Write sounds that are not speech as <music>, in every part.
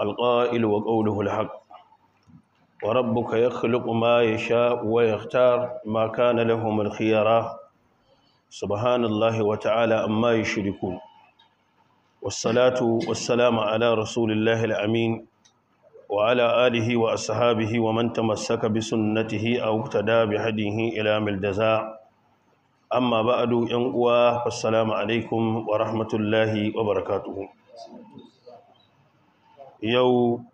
alƙa’il wa ƙaunuhul haƙ wa rabu ka ya khuluƙu ma ya sha wa maka na lahumar khiyara subhanallahi wa ta’ala amma ya shiriku wasalatu wasalama ala rasulullahi amin wa ala alihi wa ashabihi wa man tamassaka bi sunnatihi a tada bi hadihi ila mildaza amma ba'du yan uwa assalamu alaikum wa rahmatullahi wa barakatuh yau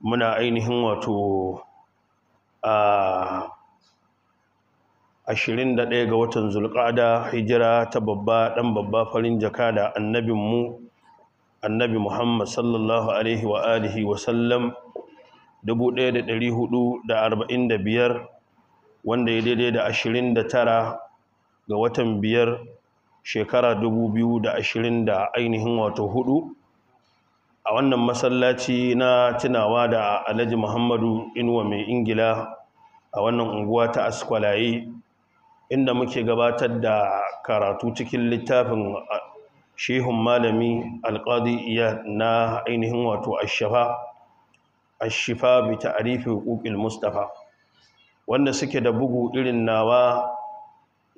muna ainihin wato a 21 ga watan zulƙada hijira ta babba ɗan babba farin jaka da annabinmu annabi muhammad sallallahu alaihi wa alihi wasallam 1445 wanda ya daidai da 29 ga watan biyar shekara 2020 da ainihin wato hudu a wannan masallaci na tunawa da alhaji muhammadu inuwa mai ingila a wannan unguwa ta askwalaye inda muke gabatar da karatu cikin littafin shehun malami alƙadiyya na ainihin wato ashafa ashifa bi ta'arifi huquqil Mustapha, wanda suke da bugu irin nawa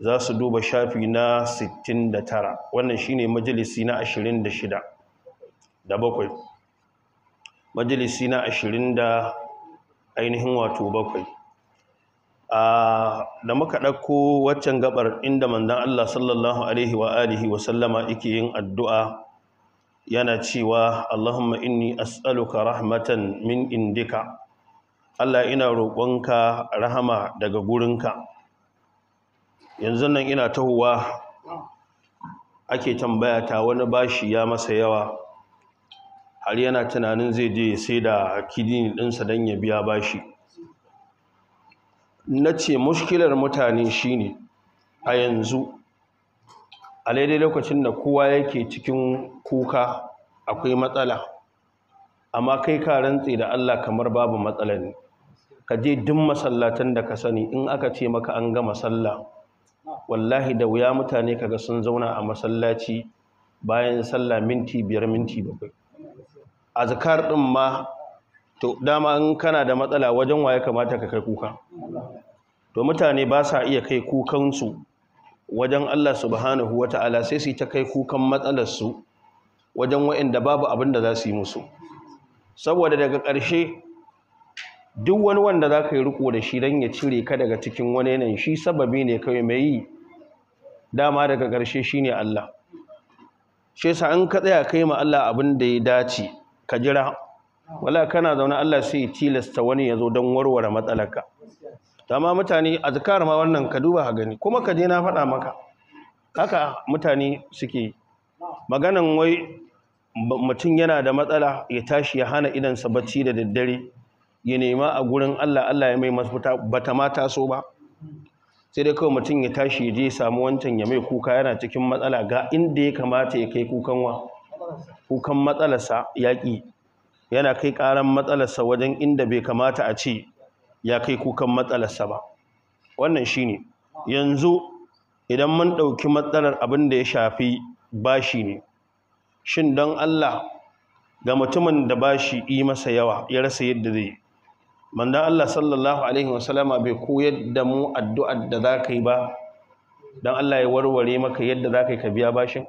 za su duba shafi na 69 wannan shine majalisi na 26 da bakwai majalisi na ashirin da ainihin wato bakwai da muka ɗauko waccan gabar inda manzan Allah sallallahu alaihi wa alihi wa sallama ike yin addu'a yana cewa Allahumma inni as'aluka rahmatan min indika Allah ina roƙonka rahama daga gurinka yanzu nan ina tahowa ake tambaya ta wani bashi ya masa yawa har yana tunanin zai je sai da kidini ɗinsa don ya biya bashi na ce mushkilar mutane shine a yanzu a daidai lokacin da kowa yake cikin kuka akwai matsala amma kai ka rantse da Allah kamar babu matsala ne ka je duk masallatan da ka sani in aka ce maka an gama sallah wallahi da wuya mutane ka ga sun zauna a masallaci bayan sallah minti biyar minti bakwai azkar din ma to dama in kana da matsala wajen waye kamata ka kai kuka to mutane ba sa iya kai kukansu wajen Allah subhanahu wata'ala sai su ta kai kukan matsalarsu wajen waɗanda babu abin da za su yi musu saboda daga ƙarshe duk wani wanda za ka yi riko da shi don ya cire ka daga cikin wani yanayin shi sababi ne kawai mai yi dama daga ƙarshe shi ne Allah shi sa an ka tsaya kai ma Allah abin da ya dace ka jira wala kana zaune Allah sai tilasta wani ya zo don warware matsalarka amma mutane azkar ma wannan ka duba ka gani kuma ka je na faɗa maka haka mutane suke maganan wai mutum yana da matsala ya tashi ya hana idansa bacci da daddare ya nema a gurin Allah Allah ya mai masuta bata ma taso ba sai dai kawai mutum ya tashi ya je ya samu wancan ya mai kuka yana cikin matsala ga inda ya kamata ya kai kukan wa kukan matsalarsa yaƙi yana kai ƙaran matsalarsa wajen inda bai kamata a ce ya kai kukan matsalarsa ba wannan shine yanzu idan mun ɗauki matsalar abin da ya shafi bashi ne shin don Allah ga mutumin da bashi yi masa yawa ya rasa yadda zai manzon Allah sallallahu alaihi wasallama bai koyar da mu addu'ar da za ka yi ba don Allah ya warware maka yadda za ka yi ka biya bashin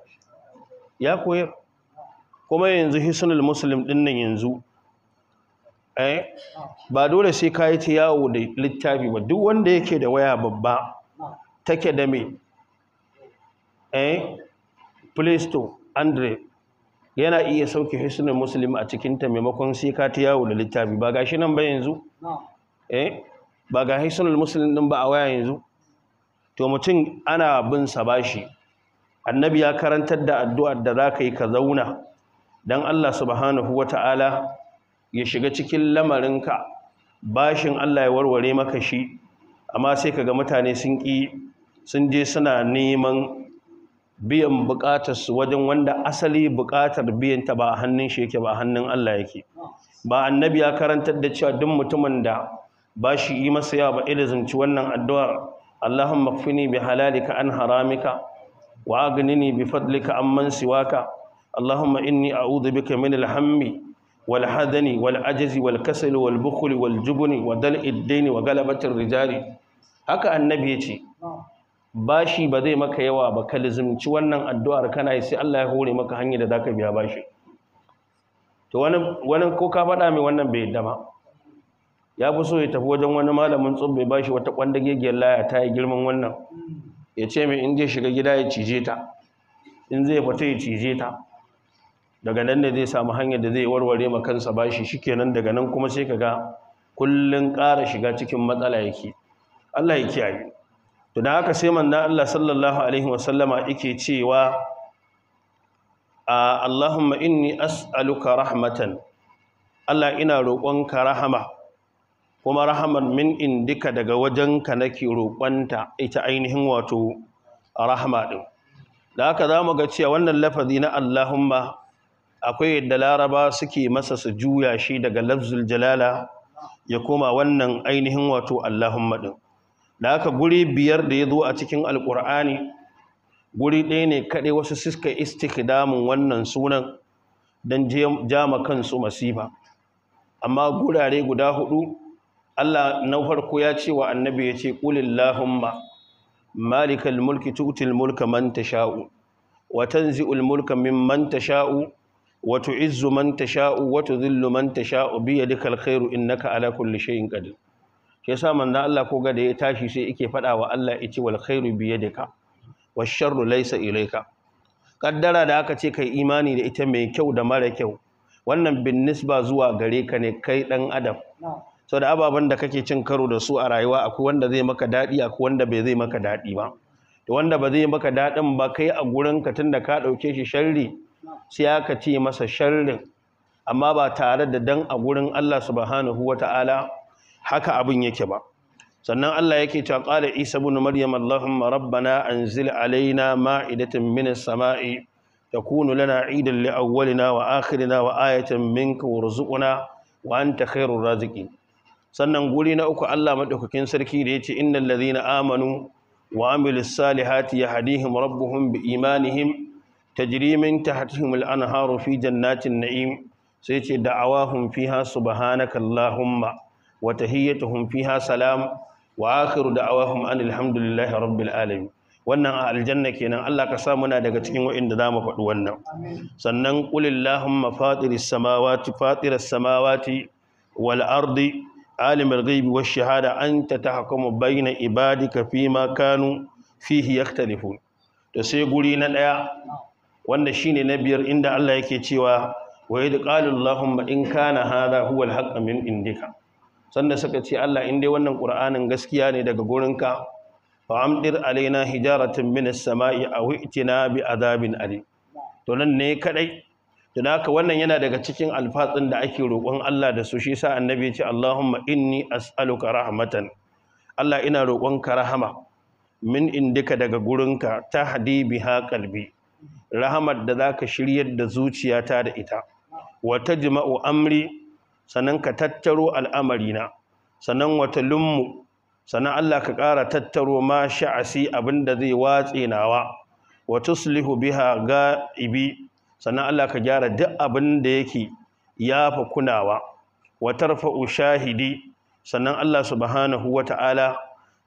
ya koyar kuma yanzu hisnul muslim din nan yanzu eh ba dole sai ka yi ta yawo da littafi ba duk wanda yake da waya babba take da me eh play store andre yana iya sauke hisnul muslim a cikin ta maimakon sai ka ta yawo da littafi ba gashi nan ba yanzu eh ba ga hisnul muslim din ba a waya yanzu to mutum ana bin sa bashi annabi ya karantar da addu'ar da ka yi ka zauna dan Allah subhanahu ta'ala ya shiga cikin lamarinka bashin Allah ya warware maka shi amma sai ka ga mutane sun ƙi sun je suna neman biyan bukatarsu wajen wanda asali bukatar biyanta ba a hannun shi yake ba a hannun Allah yake ba annabi ya karantar da cewa duk mutumin da ba shi yi masa yawa ba zanci wannan addu'ar Allahumma makfini bi halalika an haramika wa agnini bi fadlika amman waka Allahumma inni أعوذ بك من الهم والحزن والعجز والكسل والبخل والجبن ودلء الدين وغلبة الرجال haka annabi ya ce bashi ba zai maka yawa ba ka lizimci wannan addu'ar kana yi sai Allah ya hore maka hanyar da za ka biya bashi to ko ka faɗa mai wannan bai yadda ba ya fi so ya tafi wajen wani malamin tsubbe bashi wata kwandage giyar laya ta yi girman wannan ya ce mai in zai shiga gida ya cije ta in zai fita ya cije ta daga nan ne zai samu hanyar da zai warware ma kansa bashi shikenan daga nan kuma sai kaga kullun ƙara shiga cikin matsala yake Allah ya kiyaye to dan haka sai manzon Allah sallallahu alaihi wasallama yake cewa Allahumma inni as'aluka rahmatan Allah ina roƙonka rahama kuma rahaman min indika daga wajenka nake roƙonta ita ainihin wato rahama din da haka zamu ga cewa wannan lafazi na Allahumma akwai yadda laraba suke masa su juya shi daga lafzul jalala ya koma wannan ainihin wato allahumma din da aka guri biyar da ya zo a cikin alkur'ani guri ɗaya ne kaɗai wasu suka istikdamin wannan sunan don jama kansu masifa amma gurare guda hudu Allah na farko ya ce wa annabi ya ce kulillahumma. malikal mulki tutil mulka man tasha'u wa tanzi'ul mulka mimman tasha'u وتعز من تشاء وتذل من تشاء بيدك الخير naka على كل شيء قدير shi yasa manzo Allah ko ga da ya tashi sai yake fada wa Allah yace wal khairu biyadika wash sharru laysa ilayka kaddara da aka ce kai imani da ita mai kyau da mara kyau wannan bin nisba zuwa gare ka ne kai ɗan adam Sau da ababen da kake cin karo da su a rayuwa akwai wanda zai maka dadi akwai wanda bai zai maka daɗi ba to wanda ba zai maka daɗin ba kai a gurin ka tunda ka ɗauke shi sharri sai aka ce masa sharrin amma ba tare da dan a gurin Allah subhanahu ta'ala, haka abin yake ba sannan Allah yake ta qala Isa ibn Maryam Allahumma rabbana anzil alaina ma'idatan minas sama'i takunu lana 'idan li awwalina wa akhirina wa ayatan minka warzuqna wa anta khairur raziqin sannan guri na uku Allah madaukakin sarki da yace innal ladhina amanu wa amilus salihati yahdihim rabbuhum bi imanihim tajrimin ta al-anharu fi jannatin na'im sai ce da'awahum fiha subhanakallahumma wa tahiyyatuhum fiha salam wa akhiru da'awahum alhamdulillahi rabbil alamin wannan a aljanna kenan Allah ka sa muna daga cikin wa'inda za mu faɗi wannan sannan qulillahumma fatiris samawati fatiras samawati wal ardi alimul ghaibi wash shahada anta tahkumu bayna ibadika fima kanu fihi yaktalifun to sai guri na daya wanda shi ne na biyar inda Allah yake cewa wa yadda ƙalin Allahumma in kana hada huwal haƙa min indika sanda suka ce Allah inda wannan ƙura'anin gaskiya ne daga gurinka fa amdir alaina hijaratin min as-sama'i aw na bi adabin ali to nan ne kadai to haka wannan yana daga cikin alfatsin da ake roƙon Allah da su shi sa annabi ya ce Allahumma inni as'aluka rahmatan Allah ina roƙonka rahama min indika daga gurinka tahdi biha qalbi rahamar da za ka shiryar da zuciyata da ita wata jima'u, amri sannan ka tattaro al'amarina sannan wata lummu sannan Allah ka ƙara tattaro ma sha'asi abinda zai watse nawa wata sulihu biha ibi sannan Allah ka gyara duk abin da yake yafa kunawa wata rafa’u shahidi sannan Allah subhanahu wata'ala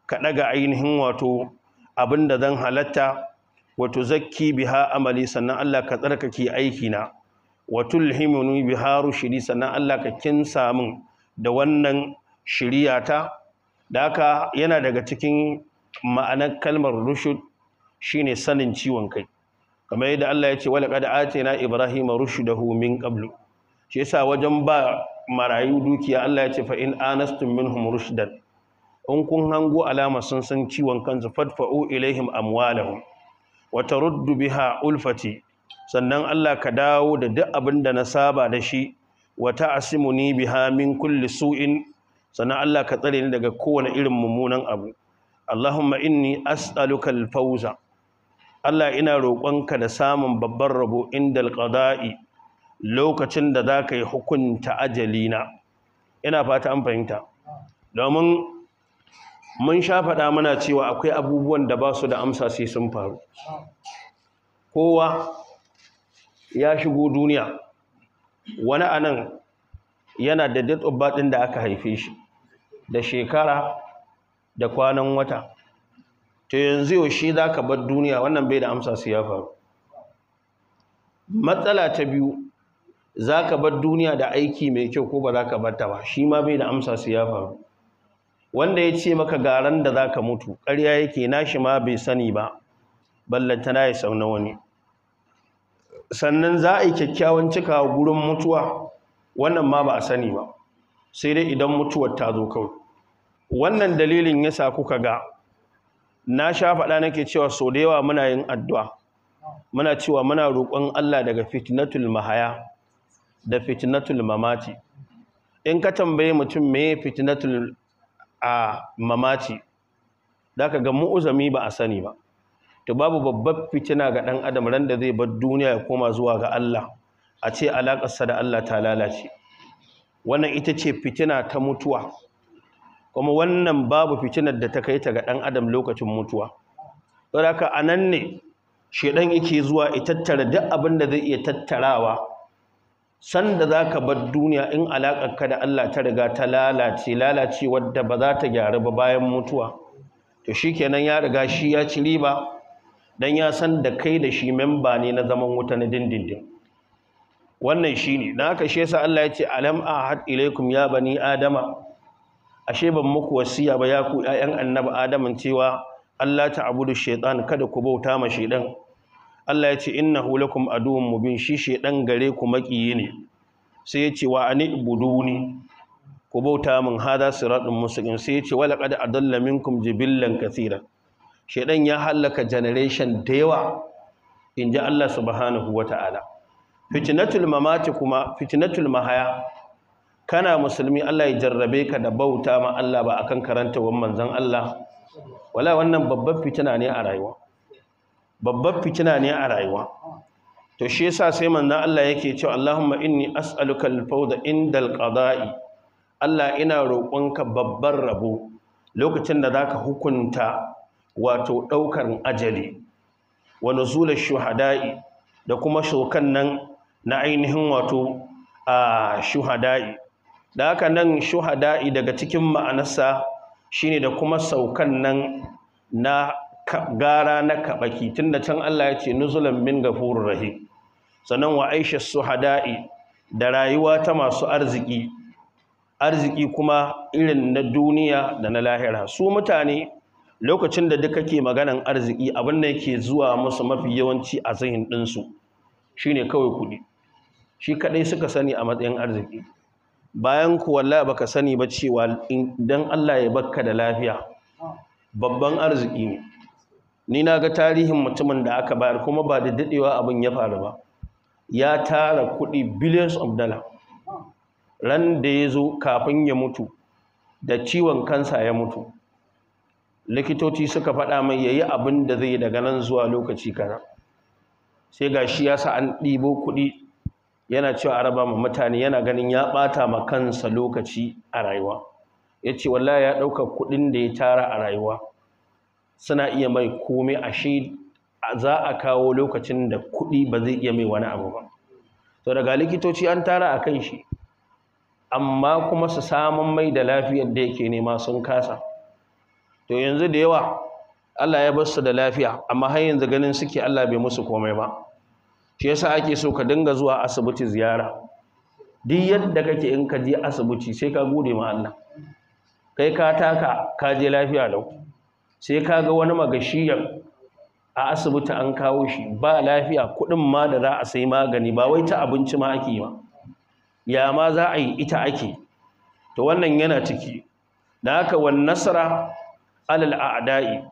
ka ɗaga ainihin wato abin da zan halatta zaki bi biha amali sannan Allah ka tsarkake aikina alhimuni bi biha shiri sannan Allah ka kinsa min da wannan shiriyata da haka yana daga cikin ma'anar kalmar rushud shine sanin ciwon kai kamar yadda Allah ya ce wala qad atina ibrahima rushdahu min qablu shi yasa wajen ba marayu dukiya Allah ya ce fa in anastum minhum rushdan in kun hango alama sun san ciwon kansu fadfa'u ilaihim amwalahum wata ruddu biha ulfati sannan Allah ka dawo da duk abin da na saba da shi wata asimuni biha min kulli su'in sannan Allah ka tsare ni daga kowane irin mummunan abu Allahumma inni as'aluka al-fawza Allah ina roƙonka da samun babban rabo inda al-qada'i lokacin da zaka yi hukunta ajalina ina fata an fahimta domin mun sha faɗa muna cewa akwai abubuwan da ba su da amsa sai sun faru kowa ya shigo duniya wani anan yana da date da aka haife shi da shekara da kwanan wata to yanzu yau shi za ka bar duniya wannan bai da amsa sai ya faru matsala ta biyu za ka bar duniya da aiki mai kyau ko ba za ka bar ta ba shi ma bai da amsa sai ya faru wanda ya ce maka garan da za ka mutu ƙarya yake nashi ma bai sani ba ballantana ya sauna wani sannan za a yi kyakkyawan cika gurin mutuwa wannan ma ba a sani ba sai dai idan mutuwar ta zo kawai wannan dalilin ya sa kuka ga na sha faɗa nake cewa sau da yawa muna yin addu'a muna cewa muna roƙon Allah daga fitnatul mahaya da fitnatul mamati in ka tambaye mutum me fitnatul a mamaci da ka ga mu'uzami ba a sani ba to babu babbar fitina ga ɗan adam ran da zai bar duniya ya koma zuwa ga Allah a ce sa da Allah ta lalace wannan ita ce fitina ta mutuwa kuma wannan babu fitinar da ta kai ta ga ɗan adam lokacin mutuwa saboda ka anan ne shedan yake zuwa ya duk abin da zai iya tattarawa sanda za ka bar duniya in ka da Allah ta riga ta lalace lalace wadda ba za ta gyaru ba bayan mutuwa to shi kenan ya riga shi ya ci riba don ya san da kai da shi memba ne na zaman wuta na dindindin wannan shi ne na haka shi yasa Allah ya ce alam ahad ilaikum ya bani adama ashe ban muku wasiya ba ya ku ƴaƴan annabi adamin cewa Allah ta abudu shaytan kada ku bauta ma shaytan Allah ya ce innahu lakum mu mubin shi shedan gare ku makiyi ne sai ya ce wa anibuduni ku bauta min hada siratun mustaqim sai ya ce wa laqad adalla minkum jibillan kathira shedan ya halaka generation da yawa inji Allah subhanahu wataala fitnatul mamati kuma fitnatul mahaya kana musulmi Allah ya jarrabe ka da bauta ma Allah ba akan karanta wannan manzon Allah wala wannan babban fitina ne a rayuwa babbar fitina ne a rayuwa to shi yasa sai manzon Allah yake cewa Allahumma inni as'aluka al-fawda indal qada'i Allah ina roƙonka babbar rabo lokacin da zaka hukunta wato ɗaukar ajali wa nuzulul shuhada'i da kuma shokan nan na ainihin wato a shuhada'i da haka nan shuhada'i daga cikin ma'anarsa shine da kuma saukan nan na gara na kaɓaki tun da can Allah ya ce nuzulan min gafurur rahi sannan wa aisha su hada'i da rayuwa ta masu arziki arziki kuma irin na duniya da na lahira su mutane lokacin da duka ke maganan arziki abin da yake zuwa musu mafi yawanci a zahin ɗinsu shine kawai kuɗi shi kaɗai suka sani a matsayin arziki bayan kuwa wallahi baka sani ba cewa idan Allah ya bakka da lafiya babban arziki ne ni na ga tarihin mutumin da aka bayar kuma ba da daɗewa abin ya faru ba ya tara kuɗi billions of dollars ran da ya zo kafin ya mutu da ciwon kansa ya mutu likitoci suka faɗa mai ya yi abin da zai daga nan zuwa lokaci kana sai ga shi ya sa an ɗibo kuɗi yana cewa a ma mutane yana ganin ya ɓata ma kansa lokaci a rayuwa ya ce wallahi ya ɗaukar kuɗin da ya tara a rayuwa suna iya mai komai shi za a kawo lokacin da kuɗi ba zai iya mai wani abu ba to daga likitoci an tara a kan shi amma kuma su samun mai da lafiyar da yake nema sun kasa to yanzu da yawa Allah ya basu da lafiya amma har yanzu ganin suke Allah bai musu komai ba shi yasa ake so ka dinga zuwa asibiti ziyara duk yadda kake in ka je asibiti sai ka gode ma Allah kai ka taka ka je lafiya lau sai ka ga wani magashi a asibiti an kawo shi ba lafiya kuɗin ma da za a sai magani ba wai ta abinci ma ake ba ya ma za a yi ita ake to wannan yana ciki da haka wa nasara alal a'da'i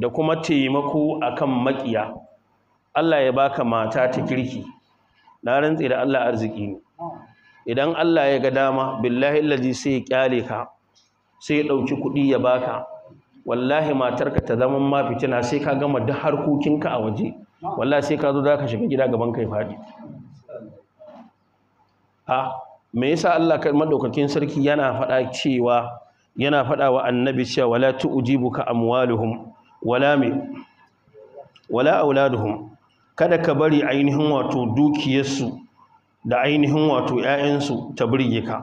da kuma taimako akan makiya Allah ya baka mata ta kirki na rantsi da Allah arziki ne idan Allah ya ga dama billahi allazi sai ya kyale ka sai ya ɗauki kuɗi ya baka wallahi matarka ta zama ma fitina sai ka gama duk harkokinka a waje wallahi sai ka zo za ka shiga gida gaban kai faɗi a me yasa Allah madaukakin sarki yana faɗa cewa yana faɗa wa annabi cewa wala tu'jibuka amwaluhum wala mi wala auladuhum kada ka bari ainihin wato dukiyarsu da ainihin wato 'ya'yansu ta burge ka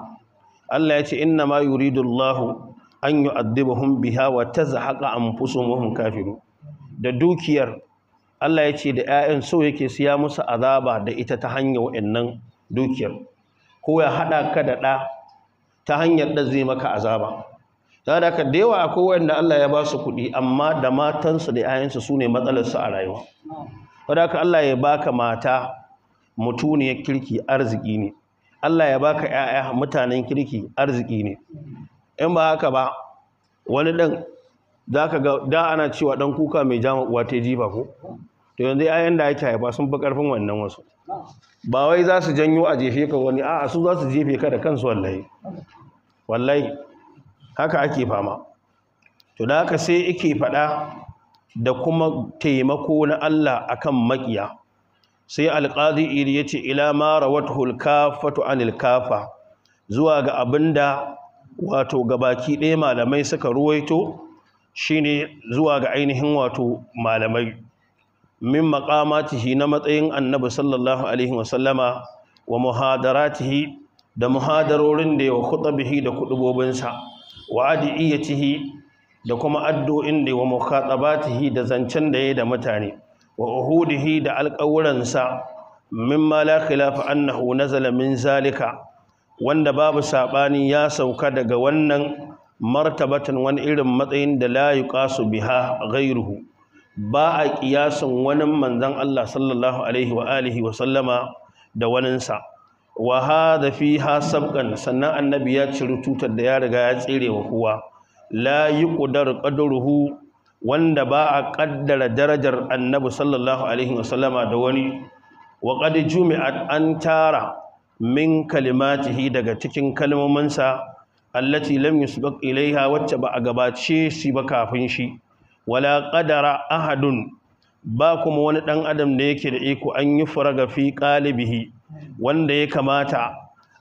Allah ya ce inna ma yuridullahu an yi hun biya wa ta zahaƙa an fuso mahun kafiru da dukiyar Allah ya ce da ‘ya'yan so yake siya musu azaba da ita ta hanyar wa'yannan dukiyar ko ya haɗa ka da ɗa ta hanyar da zai maka azaba ta da ka da yawa kowai da Allah ya ba su kuɗi amma da matansu da ‘ya'yansu su ne matsalarsu a rayuwa ta ka Allah ya baka mata mutuniyar kirki arziki ne Allah ya baka ‘ya'ya mutanen kirki arziki ne in ba haka ba wani ɗan za ka ga da ana cewa ɗan kuka mai jama uwa ta jifa ko to yanzu yayan da ake haifa sun fi ƙarfin wannan wasu ba wai za su janyo a jefe ka wani a'a su za su jefe ka da kansu wallahi wallahi haka ake fama to da haka sai ike faɗa da kuma taimako na Allah akan makiya sai alƙazi iri ya ce ila ma rawatuhul kafatu anil kafa zuwa ga abinda wato gabaki ɗaya malamai suka ruwaito shine zuwa ga ainihin wato malamai min maqamatihi na matsayin annabi sallallahu alaihi wasallama wa muhadaratihi da muhadarorin da yawa khutabihi da kudubobinsa wa adiyatihi da kuma addu'in da wa mukhatabatihi da zancen da yayi da mutane wa uhudihi da alƙawuransa mimma la khilafa annahu nazala min zalika wanda babu saɓani ya sauka daga wannan martabatan wani irin matsayin da la su biha gairuhu, ba a kiyasin wani manzon Allah sallallahu alaihi wa sallama da waninsa wa hadha fiha sabgan sannan annabi ya ciri tutar da ya riga ya tsire wa kowa la yuqdar qadruhu wanda ba a ƙaddara darajar annabi sallallahu alaihi wa sallama da wani wa qad jumi'at an tara min kalimatihi daga cikin kalmominsa allati lam yusbaq ilaiha wacce ba a gabace shi ba kafin shi wala qadara ahadun ba kuma wani dan adam da yake da iko an yi furaga fi qalibihi wanda ya kamata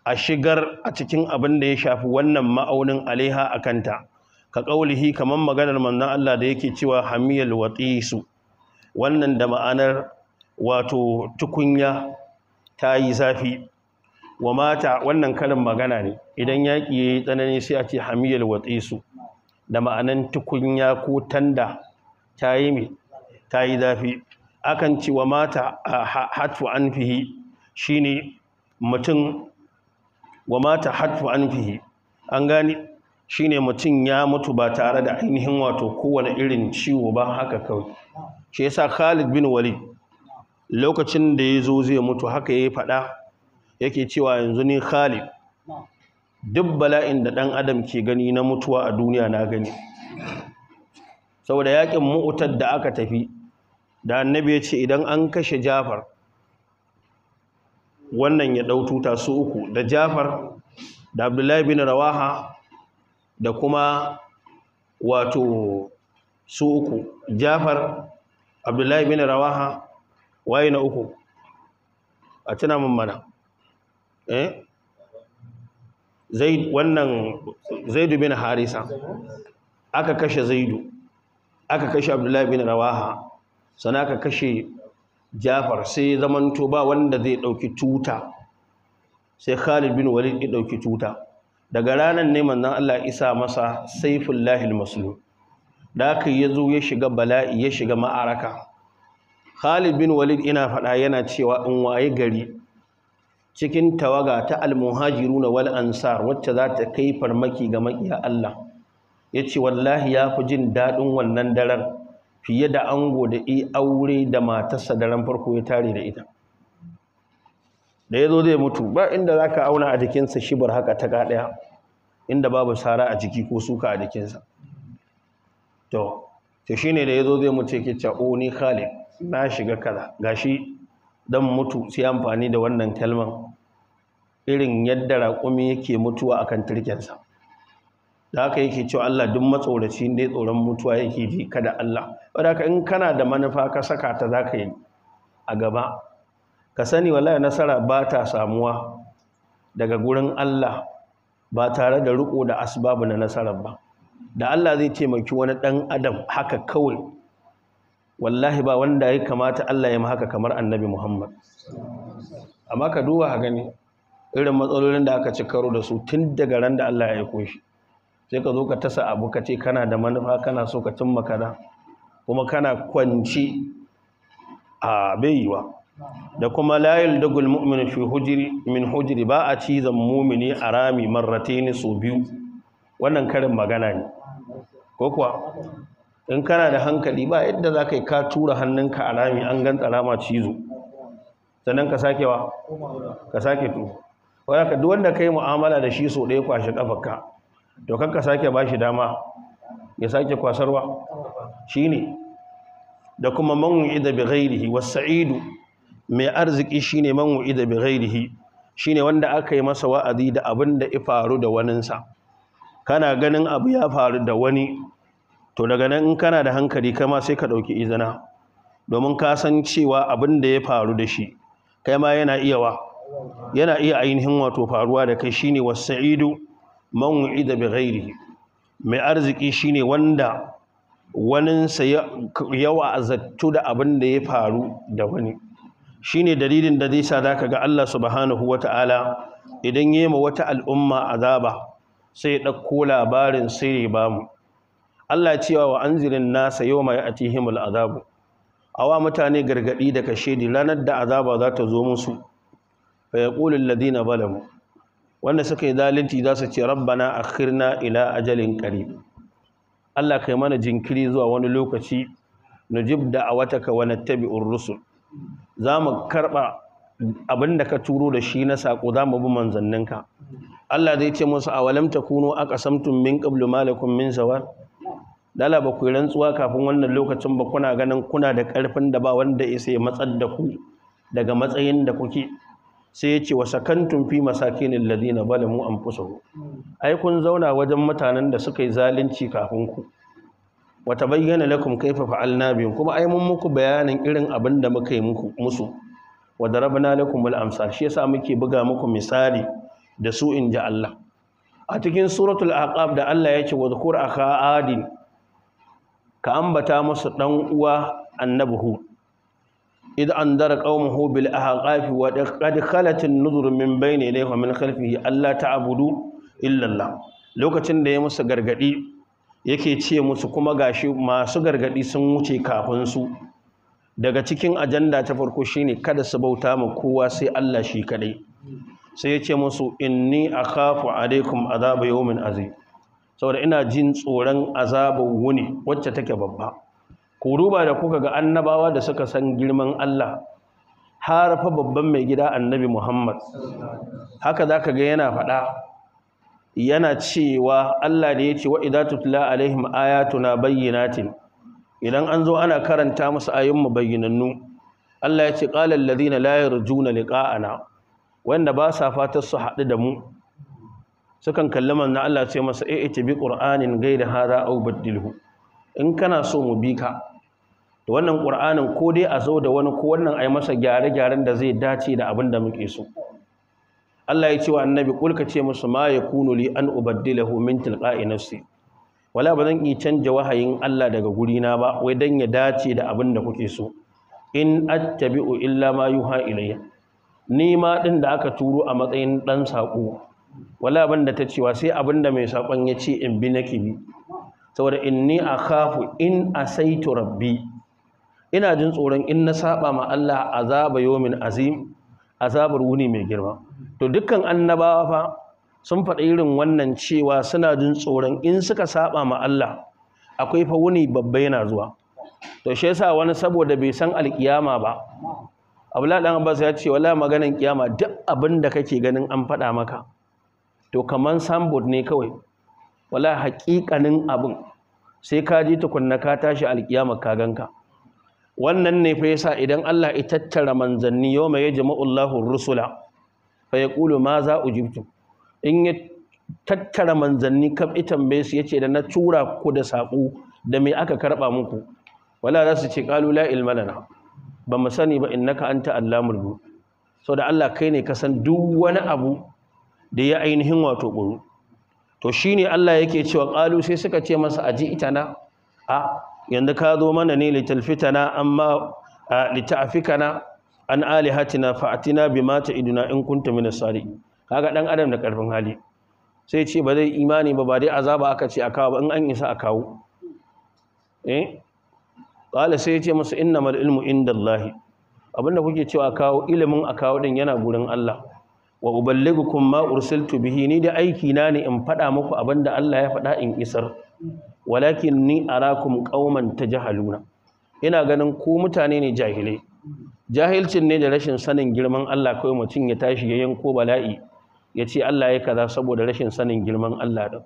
a shigar a cikin abin da ya shafi wannan ma'aunin alaiha akanta ka qaulihi kaman maganar manzon Allah da yake cewa hamiyal watisu wannan da ma'anar wato tukunya ta yi zafi wa mata wannan kalin magana ne idan yaƙi ya yi tsanani sai a ce hamiyar watsi da ma'anan tukunya ko tanda ta yi mai ta yi zafi akan ce wa mata hatu an fihi shi ne mutum wa mata hatu an fihi an gani shi ne mutum ya mutu ba tare da ainihin wato kowane irin ciwo ba haka kawai shi sa khalid bin walid lokacin da ya zo zai mutu haka ya yi faɗa yake cewa yanzu ni Khalid duk bala'in da ɗan adam ke gani na mutuwa a duniya na gani saboda yakin mu'utar da aka tafi da annabi ya ce idan an kashe Jafar wannan ya ɗau tuta su uku da Jafar da Abdullahi bin Rawaha da kuma wato su uku Jafar Abdullahi bin Rawaha waye na uku a tuna mun mana Eh? wannan Zaidu bin harisa aka kashe zaidu aka kashe abdullahi bin rawaha sana aka kashe jafar sai zamanto ba wanda zai dauki tuta sai khalid bin walid ya dauki tuta daga ranar neman zan Allah isa masa saifin lahil almaslum da aka ya zo ya shiga bala'i ya shiga ma'araka khalid bin walid ina faɗa yana cewa in waye gari cikin tawaga ta almuhajiruna wal ansar wacce za ta kai farmaki ga makiya Allah Ya ce wallahi ya fi jin daɗin wannan daren fiye da ango da i aure da matarsa daren farko ya tare da ita da ya zo zai mutu ba inda za ka auna a jikinsa shibar haka ta kaɗaya. inda babu sara a jiki ko suka a jikinsa to ta shi ne da ya zo zai mutu ya yake cewa oh, ni khalid na shiga kaza gashi don mutu sai amfani da wannan kalmar. irin yadda raƙumi yake mutuwa a kan turkensa da haka yake cewa Allah duk matsoraci ne tsoron mutuwa yake ji kada Allah wadaka in kana da manufa ka saka ta za ka yi a gaba ka sani wallahi nasara ba ta samuwa daga gurin Allah ba tare da riko da asbabu na nasarar ba da Allah zai taimaki wani ɗan adam haka kawai wallahi ba wanda ya kamata Allah ya ma haka kamar annabi Muhammad amma ka duba ha gani irin matsalolin da aka ci karo da su tun daga ran da Allah ya aiko shi sai ka zo ka tasa abu ka ce kana da manufa kana so ka cimma kaza kuma kana kwanci a baiwa da kuma layil dagul mu'min fi hujri min hujri ba a zan mumini arami rami su biyu wannan karin magana ne ko kuwa in kana da hankali ba yadda za ka yi ka tura hannunka a an gan tsarama cizo sannan ka sakewa ka sake tu wadda da ka yi mu'amala da shi so ɗaya kwashe ƙafaka to kanka sake ba shi dama ya sake kwasarwa shi ne da kuma manwu'i da bighairihi wasa'idu mai arziki shine manwu'i da bighairihi ne wanda aka yi masa wa'azi da abin da ya faru da waninsa kana ganin abu ya faru da wani to daga nan in kana da hankali kama sai ka ɗauki izina domin ka san cewa abin da ya faru da shi kai ma yana iya wa yana iya ainihin wato faruwa da kai shine wasaidu sa'idu wu'ida bi ghairihi mai arziki shine wanda waninsa yawa azattu da abin da ya faru da wani shine dalilin da zai sa zaka ga Allah subhanahu wata'ala idan yayi ma wata al'umma azaba sai ya dauko labarin sai ya bamu Allah ya cewa wa anzirin nasa yawma ya'tihimul azabu awa mutane gargadi da kashe ranar da azaba za ta zo musu fa yaqulu alladhina balamu. wanda suka yi zalunci za su ce rabbana kirna ila ajalin ƙari. Allah kai mana jinkiri zuwa wani lokaci da a wata da'awataka wa rusu. Za mu karba abinda ka turo da shi na sako mu bi manzanninka Allah zai ce musu a takunu aqasamtum min ƙablu malakun min zawar dala ba ku yi rantsuwa kafin wannan lokacin ba kuna ganin kuna da ƙarfin da ba wanda ya sai matsar da ku daga matsayin da kuke sai ya ce wa sakantum fi masakinin ladina an anfusahum ai kun zauna wajen mutanen da suka yi zalunci kafin ku wa bayyana lakum kayfa fa'alna biyu kuma ai mun muku bayanin irin abin da muka yi muku musu wa rabu lakum al amsal shi yasa muke buga muku misali da su in ji Allah a cikin suratul aqab da Allah ya wa zukur aka adin ka ambata musu dan uwa annabi hud إذ أنذر قومه بالأحقاف وقد خلت النذر من بين يديه ومن خلفه ألا تعبدوا إلا الله lokacin da ya musu gargadi yake ce musu kuma gashi masu gargadi sun wuce kafin su daga cikin ajanda ta farko shine kada su bauta ma kowa sai Allah shi kadai sai ya ce musu inni akhafu alaikum azaba yawmin azim saboda ina jin tsoron azabar wuni wacce take babba ku duba da kuka ga annabawa da suka san girman Allah har fa babban mai gida annabi Muhammad haka zaka ga yana faɗa yana cewa Allah da yake wa idza tutla alaihim ayatuna bayyinatin idan an zo ana karanta musu ayoyin mu bayyinannu Allah ce qala alladhina la yarjuna liqa'ana wanda ba sa fatar su haɗu da mu sukan kalli na Allah sai masa ta bi qur'anin gaida hada au baddilhu in kana so mu bi ka da wannan ƙur'anin ko dai a zo da wani ko wannan a masa gyare-gyaren da zai dace da abin da muke so Allah ya ce wa annabi ka ce musu ma yakunu li an ubaddilahu min tilqa'i nafsi wala ba zan yi canja wahayin Allah daga guri na ba wai dan ya dace da abin da kuke so in attabi'u illa ma yuha ilayya ni ma din da aka turo a matsayin dan sako wala banda ta cewa sai abinda mai sakon ya ce in bi nake bi saboda inni kafu in a asaitu rabbi ina jin tsoron in na saba ma Allah azaba yawmin azim azabar wuni mai girma to dukkan annabawa fa sun faɗa irin wannan cewa suna jin tsoron in suka saba ma Allah akwai fa wuni babba yana zuwa to shi yasa wani saboda bai san alkiyama ba Abdullahi dan Abbas ya ce wala maganan kiyama duk abin da kake ganin an faɗa maka to kaman sambod ne kawai wala haƙiƙanin abin sai ka ji tukunna ka tashi alƙiyama ka wannan ne fa yasa idan Allah ya tattara manzanni yawma yajma'u jama'ullahu rusula fa ya kulu ma za ujibtu in ya tattara manzanni kam ita bai su yace da na tura ku da saƙo da me aka karba muku wala za su ce qalu la ilma lana ba mu sani ba innaka anta allamul ghuyub saboda Allah kai ne ka san duk wani abu da ya ainihin wato buru to shi ne Allah yake cewa ƙalu sai suka ce masa aji itana a yanda ka zo mana ne litalfitana amma lita'afikana an alihatina fa'atina mata ta'iduna in kunta minas sari kaga ɗan adam da ƙarfin hali sai ce ba zai imani ba ba dai azaba aka ce a kawo ba in an isa a kawo eh qala sai ya ce masa innamal ilmu indallahi abinda kuke cewa kawo ilimin a kawo din yana gurin Allah wa uballigukum ma ursiltu bihi ni da aiki na ne in faɗa muku abinda Allah ya faɗa in isar walakin ni arakum qauman tajhaluna ina ganin ku mutane ne jahilai jahilcin ne da rashin sanin girman Allah kai mutum ya tashi ya yanko bala'i ya ce Allah ya kaza saboda rashin sanin girman Allah din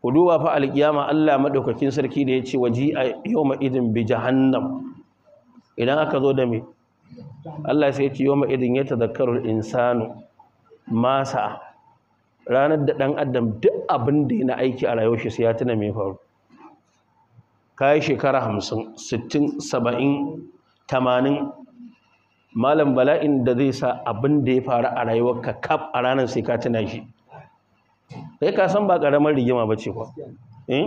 ku duba fa alkiyama Allah madaukakin sarki da yace ce waji a yawma idin bi jahannam idan aka zo da me Allah sai ya ce yawma idin ya insanu masa ranar da ɗan adam duk abin da yana aiki a rayuwar shi ya tuna mai faru kayi shekara hamsin sittin saba'in tamanin malam bala'in da zai sa abin da ya faru a rayuwar ka kaf a ranar sai ka tuna shi sai ka san ba ƙaramar rigima ba ce kuwa eh?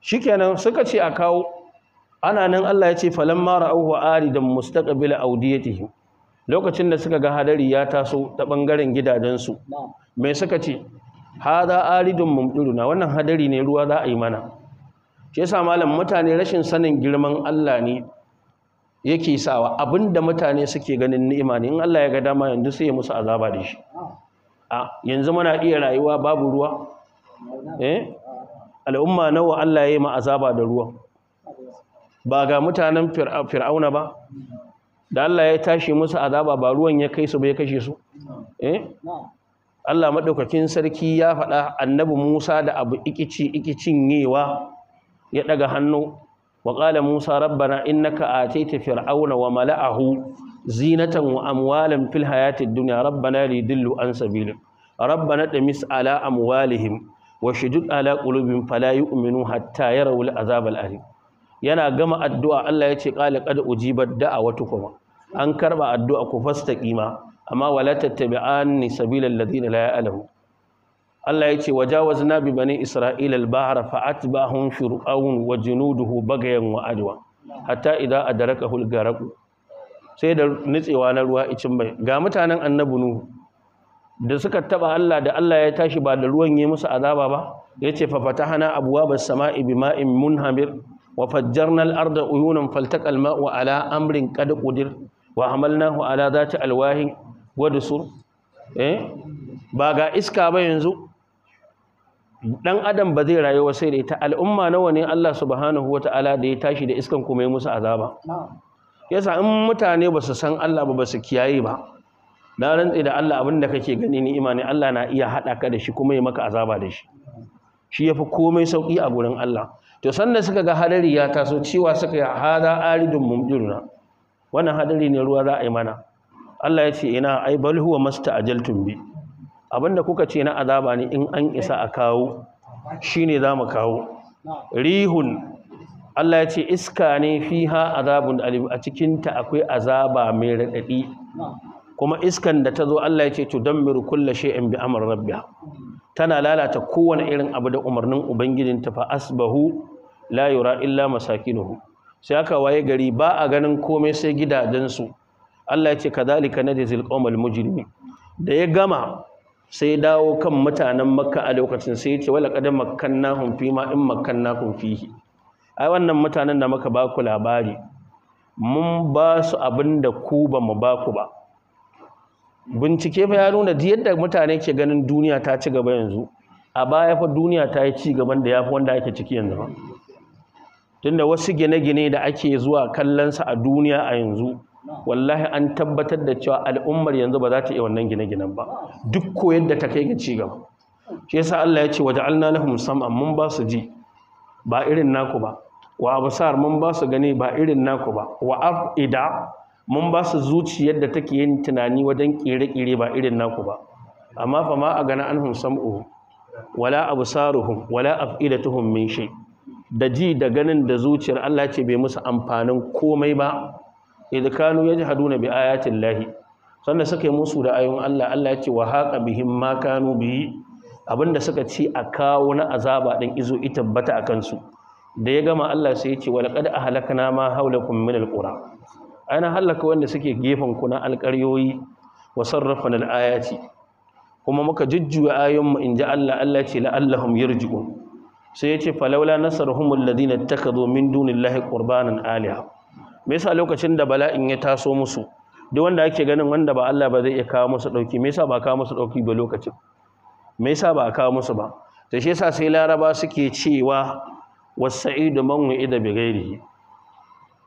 shikenan suka ce a kawo ana nan Allah ya ce mara auwa ari da mustaqbila awdiyatihim lokacin da suka ga hadari ya taso ta bangaren gidajensu mai suka ce hada aridun na. wannan hadari ne ruwa za a yi mana shi sa malam mutane rashin sanin girman Allah ne yake sawa da mutane suke ganin ni'ima ne in Allah ya ga dama yanzu sai ya musu azaba da shi a yanzu muna iya rayuwa babu ruwa eh al'umma nawa Allah ya yi ma azaba da ruwa ba ga mutanen fir'auna ba da Allah ya tashi musu azaba ba ruwan ya kai su ba ya kashe su eh Allah madaukakin sarki ya faɗa annabi Musa da abu ikici ikicinyewa ya daga hannu wa qala Musa rabbana innaka ataita fir'auna wa mala'ahu zinatan wa amwalan fil hayatid dunya rabbana lidillu an sabilik rabbana damis ala amwalihim wa shudud ala qulubihim fala yu'minu hatta yarawul azab al yana gama addu'a Allah ya ce qala qad ujibat da'awatukum an karba addu'a ku kima amma wala tattabi'anni sabilal ladina la ya'lamu Allah yace wajawazna bi bani isra'ila al-bahra fa'atbahum fir'aun wa junuduhu bagayan wa adwa hatta idza adrakahu al-gharq sai da nitsewa na ruwa icin bai ga mutanen annabi nuhu da suka taba Allah da Allah ya tashi ba da ruwan yi musu azaba ba yace fa fatahana abwaabas sama'i bima'in munhamir wa fajjarna al-arda uyunan faltaqa al-ma'u ala amrin qad qudir wa hamalnahu ala zati alwahi wa dusur eh ba ga iska ba yanzu dan adam ba zai rayuwa sai da ita al'umma nawa ne Allah subhanahu wata'ala da ya tashi da iskan kuma ya musu azaba yasa in mutane ba su san Allah ba ba su kiyaye ba na rantsi da Allah abin da kake gani ni imani Allah na iya haɗa ka da shi kuma ya maka azaba da shi shi ya fi komai sauƙi a gurin Allah to sanda suka ga hadari ya taso cewa suka yi hada aridun mumjiruna wannan hadari ne ruwa za a yi mana Allah ya ce ina ai masta a masta'ajaltum bi abinda kuka ce na azaba ne in an isa a kawo shine zamu kawo rihun Allah ya ce iska ne fiha azabun alim a cikinta akwai azaba mai raɗaɗi. kuma iskan da ta zo Allah ya ce tudammiru kulli shay'in bi amri rabbiha tana lalata kowane irin abu da umarnin ta fa asbahu la yura illa masakinuhu sai aka waye gari ba a ganin komai sai gidajensu Allah ya ce kadhalika najzil qawmal mujrimin da ya gama sai dawo kan mutanen makka a lokacin sai ya ce wala qad makkannahum fi ma in makkannakum fihi ai wannan mutanen da muka ba ku labari mun ba su abinda ku ba mu ba ku ba bincike fa ya nuna yadda mutane ke ganin duniya ta ci gaba yanzu a baya fa duniya ta yi ci gaban da yafi wanda ake ciki yanzu ba tunda wasu gine-gine da ake zuwa kallonsa a duniya a yanzu wallahi an tabbatar da cewa al'ummar yanzu ba za ta iya wannan gine-ginen ba duk koyar da ta kai ga cigaba shi yasa Allah ya ce wa ja'alna lahum sam'an mun ba su ji ba irin naku ba wa absar mun ba su gani ba irin naku ba wa afida mun ba su zuciyar da take yin tunani wajen kire-kire ba irin naku ba amma fa ma a gana anhum sam'u wala absaruhum wala afidatuhum min shay' da ji da ganin da zuciyar Allah ce bai musu amfanin komai ba idh kanu yajhaduna bi ayatin lahi sannan suka yi musu da ayoyin Allah Allah ya ce wa haqa bihim ma kanu bihi abinda suka ci a kawo na azaba din izo ita bata akan su da ya gama Allah sai ya ce wa laqad ahlakna ma hawlakum min alqura ana halaka wanda suke gefen ku na alƙaryoyi wa sarrafna alayati kuma muka jujjuya ayoyin mu inji Allah Allah ce la'allahum yarji'un sai ya ce falaula nasaruhumul ladina zo min dunillahi qurbanan aliha me sa lokacin da bala'in ya taso musu duk wanda ake ganin wanda ba Allah ba zai iya kawo musu ɗauki. me sa ba kawo musu ɗauki ba lokacin me sa ba kawo musu ba Da shi yasa sai laraba suke cewa wasa'idu man wa'ida bi ghairihi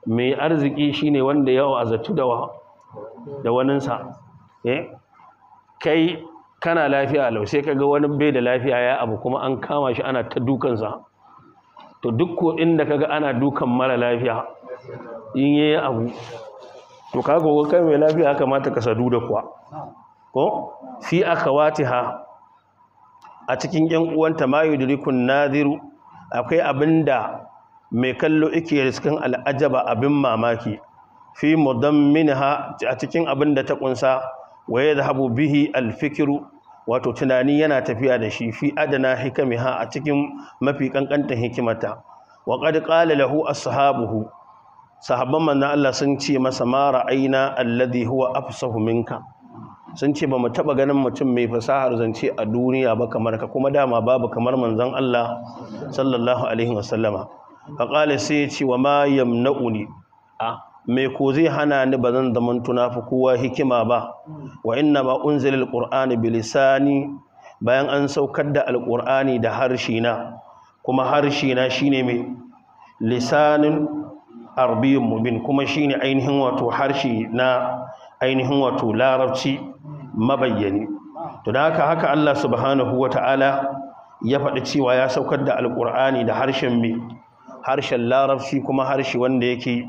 mai arziki shine wanda yawa a da da waninsa eh? kai kana lafiya lau sai kaga wani bai da lafiya ya abu kuma an kama shi ana ta dukansa to duk ko inda kaga ana dukan mara lafiya in yayi abu to kaga ko kai mai lafiya kamata ka sadu da kuwa ko fi ha a cikin yan uwanta da rikun naziru akwai abinda mai kallo yake riskin al'ajaba abin mamaki fi mudamminha a cikin abinda ta kunsa wa zahabu bihi alfikiru, wato tunani yana tafiya da shi fi adana hikamiha a cikin mafi kankantan hikimata wa qad ƙala lahu ashabuhu sahabban manzon Allah sun ce masa mara aina alladhi huwa afsahu minka sun ce ba mu taɓa ganin mutum mai fasahar zance a duniya ba kamar ka kuma dama babu kamar manzon Allah sallallahu alaihi wasallama fa qala sai ya ce wa ma yamna'uni a ah, Mai ko zai hana ni ba zan zaman tunafi kowa hikima ba wa inna ma unzila alqur'ani bilisani bayan an saukar da alqur'ani da harshe na kuma harshe na shine mai lisanin arabiyyun mubin kuma shine ainihin wato harshe na ainihin wato larabci mabayyane to haka haka Allah subhanahu wataala ya faɗi cewa ya saukar da alqur'ani da harshen mai harshen larabci kuma harshe wanda yake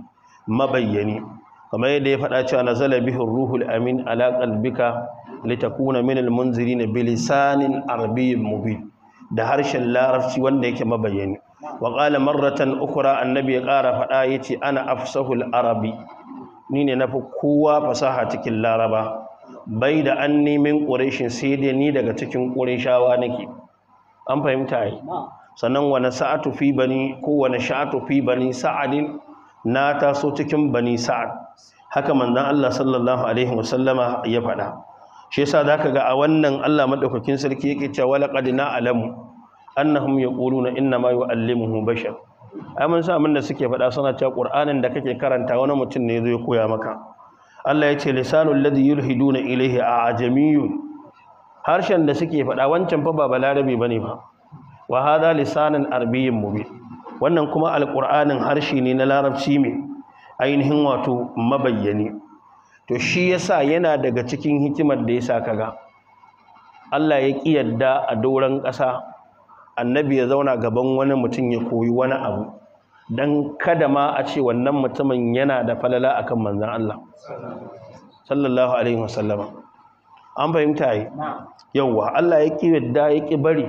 mabayyani kamar yadda ya faɗa cewa nazala bihi ruhul amin ala qalbika litakuna min almunzirin bilisanin arabiyyin mubin da harshen larabci wanda yake mabayyani wa qala marratan ukura annabi ya ƙara faɗa yace ana afsahul arabi ni ne nafi kowa fasaha cikin laraba bai da an nemin ƙurashin sai dai ni daga cikin shawa nake an fahimta yi sannan wani sa'atu fi bani ko wani sha'atu fi bani sa'adin na taso cikin bani sa'ad haka manzon Allah sallallahu alaihi wasallama ya faɗa shi yasa zaka ga a wannan Allah maɗaukakin sarki yake cewa alamu? na'lamu annahum na inna ma yu'allimuhu bashar amin sa da suke faɗa suna cewa qur'anin da kake karanta wani mutum ne zai koya maka Allah ya ce lisanul ladhi yulhiduna ilayhi a'jamiyun harshen da suke faɗa wancan fa ba balarabi bane ba wa hadha lisanun arabiyyin mubin wannan kuma alƙur'anin harshe ne na larabci mai ainihin wato mabayyani to shi yasa yana daga cikin hikimar da ya sa kaga Allah ya kiyarda a doron ƙasa annabi ya zauna gaban wani mutum ya koyi wani abu dan kada ma a ce wannan mutumin yana da falala akan manzon Allah sallallahu alaihi wasallama an fahimta yi yawwa Allah ya kiyarda ya ki bari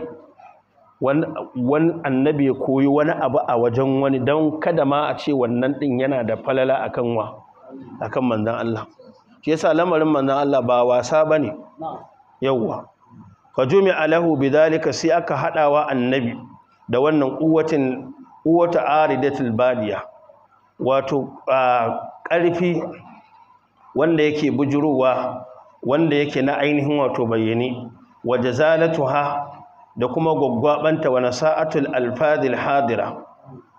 wani annabi ya koyi wani abu a wajen wani don kada ma a ce wannan ɗin yana da falala akan wa kan manzan Allah shi yasa lamarin manzan Allah ba wasa bane yawwa fa jumi alahu bidalika sai aka haɗawa annabi da wannan uwatin uwata aridatul badiya wato ƙarfi wanda yake bujuruwa wanda yake na ainihin wato bayyane wa jazalatuha da kuma gwaggwabanta wani saatul alfadil hadira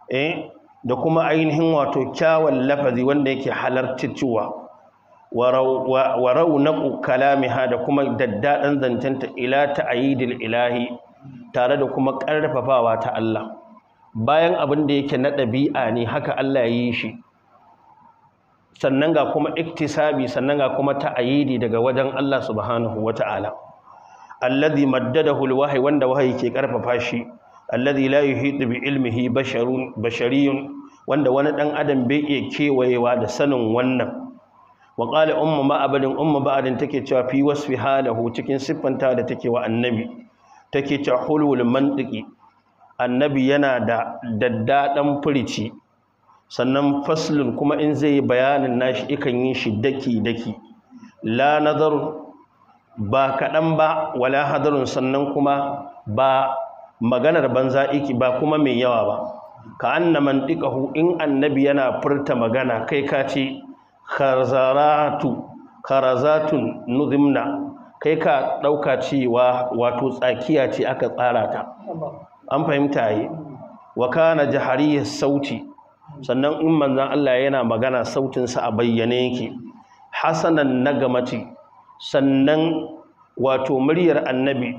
eh da kuma ainihin wato kyawun lafazi wanda yake halartacciwa wa raunaqu kalamiha da kuma daddadan zantanta ila ta'yidil ilahi tare da kuma karfafawa ta Allah bayan abin da yake na ɗabi'a ne haka Allah ya yi shi sannan ga kuma iktisabi sannan ga kuma ta'ayidi daga wajen Allah subhanahu wata'ala alladhi maddadahu alwahy wanda wahayi ke karfafa shi alladhi la yuhitu bi ilmihi basharun bashariyun wanda wani dan adam bai iya kewayewa da sanin wannan wa qala ummu ma'abadin ummu ba'adin take cewa fi wasfi halahu cikin siffanta da take wa annabi take cewa hulul mantiki annabi yana da daddadan furici sannan faslun kuma in zai yi bayanin nashi ikan yi shi daki daki la nazar ba kaɗan ba wala hadarun sannan kuma ba maganar banza iki ba kuma mai yawa ba ka anna mantiqahu in annabi yana furta magana kai ka ce Karazatun nuzimna kai ka ɗauka cewa wato tsakiya ce aka tsara ta an fahimta yi wa kana jahariyar sauti sannan in manzan Allah yana magana sautinsa a bayyane yake hasanan gamace sannan wato muryar annabi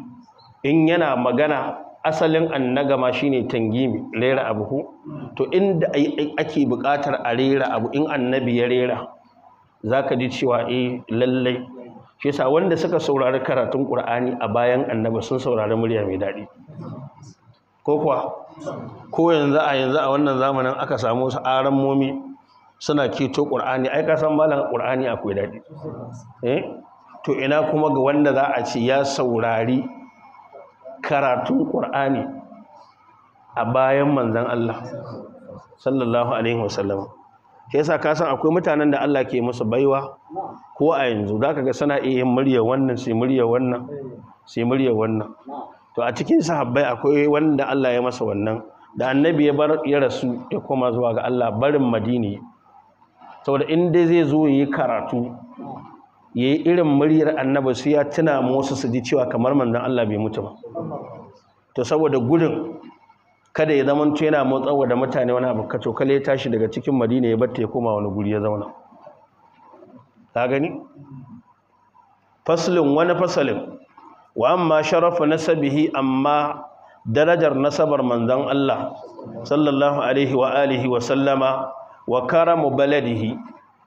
in yana magana asalin annagama shine tangimi rera abu buhu. to inda ake buƙatar a rera abu in annabi ya rera zaka ji cewa eh lallai shi yasa wanda suka saurari karatun Qur'ani a bayan annabi sun saurari murya mai daɗi ko kuwa ko yanzu a yanzu a wannan zamanin aka samu su aran momi suna keto Qur'ani ai ka san malam Qur'ani akwai daɗi eh? to ina kuma ga wanda za a ce ya saurari karatun ƙur'ani a bayan manzan Allah sallallahu alaihi wasallam ke sa ka san akwai mutanen da Allah ke musu baiwa ko a yanzu Za ka ga suna iya murya wannan sai murya wannan sai murya wannan to a cikin sahabbai akwai wanda Allah ya masa wannan da annabi ya bar ya rasu ya koma zuwa ga Allah barin madini saboda in dai zai zo yi karatu ya yi irin muryar annaba su ya tuna musu su ji cewa kamar manzon Allah bai mutu ba to saboda gudun kada ya zama yana wa da mutane wani abu kato kale ya tashi daga cikin madina ya batta ya koma wani guri ya zauna ta gani faslin wani fasalin wa amma sharafa nasabihi amma darajar nasabar manzon Allah sallallahu alaihi wa alihi wa sallama wa karamu baladihi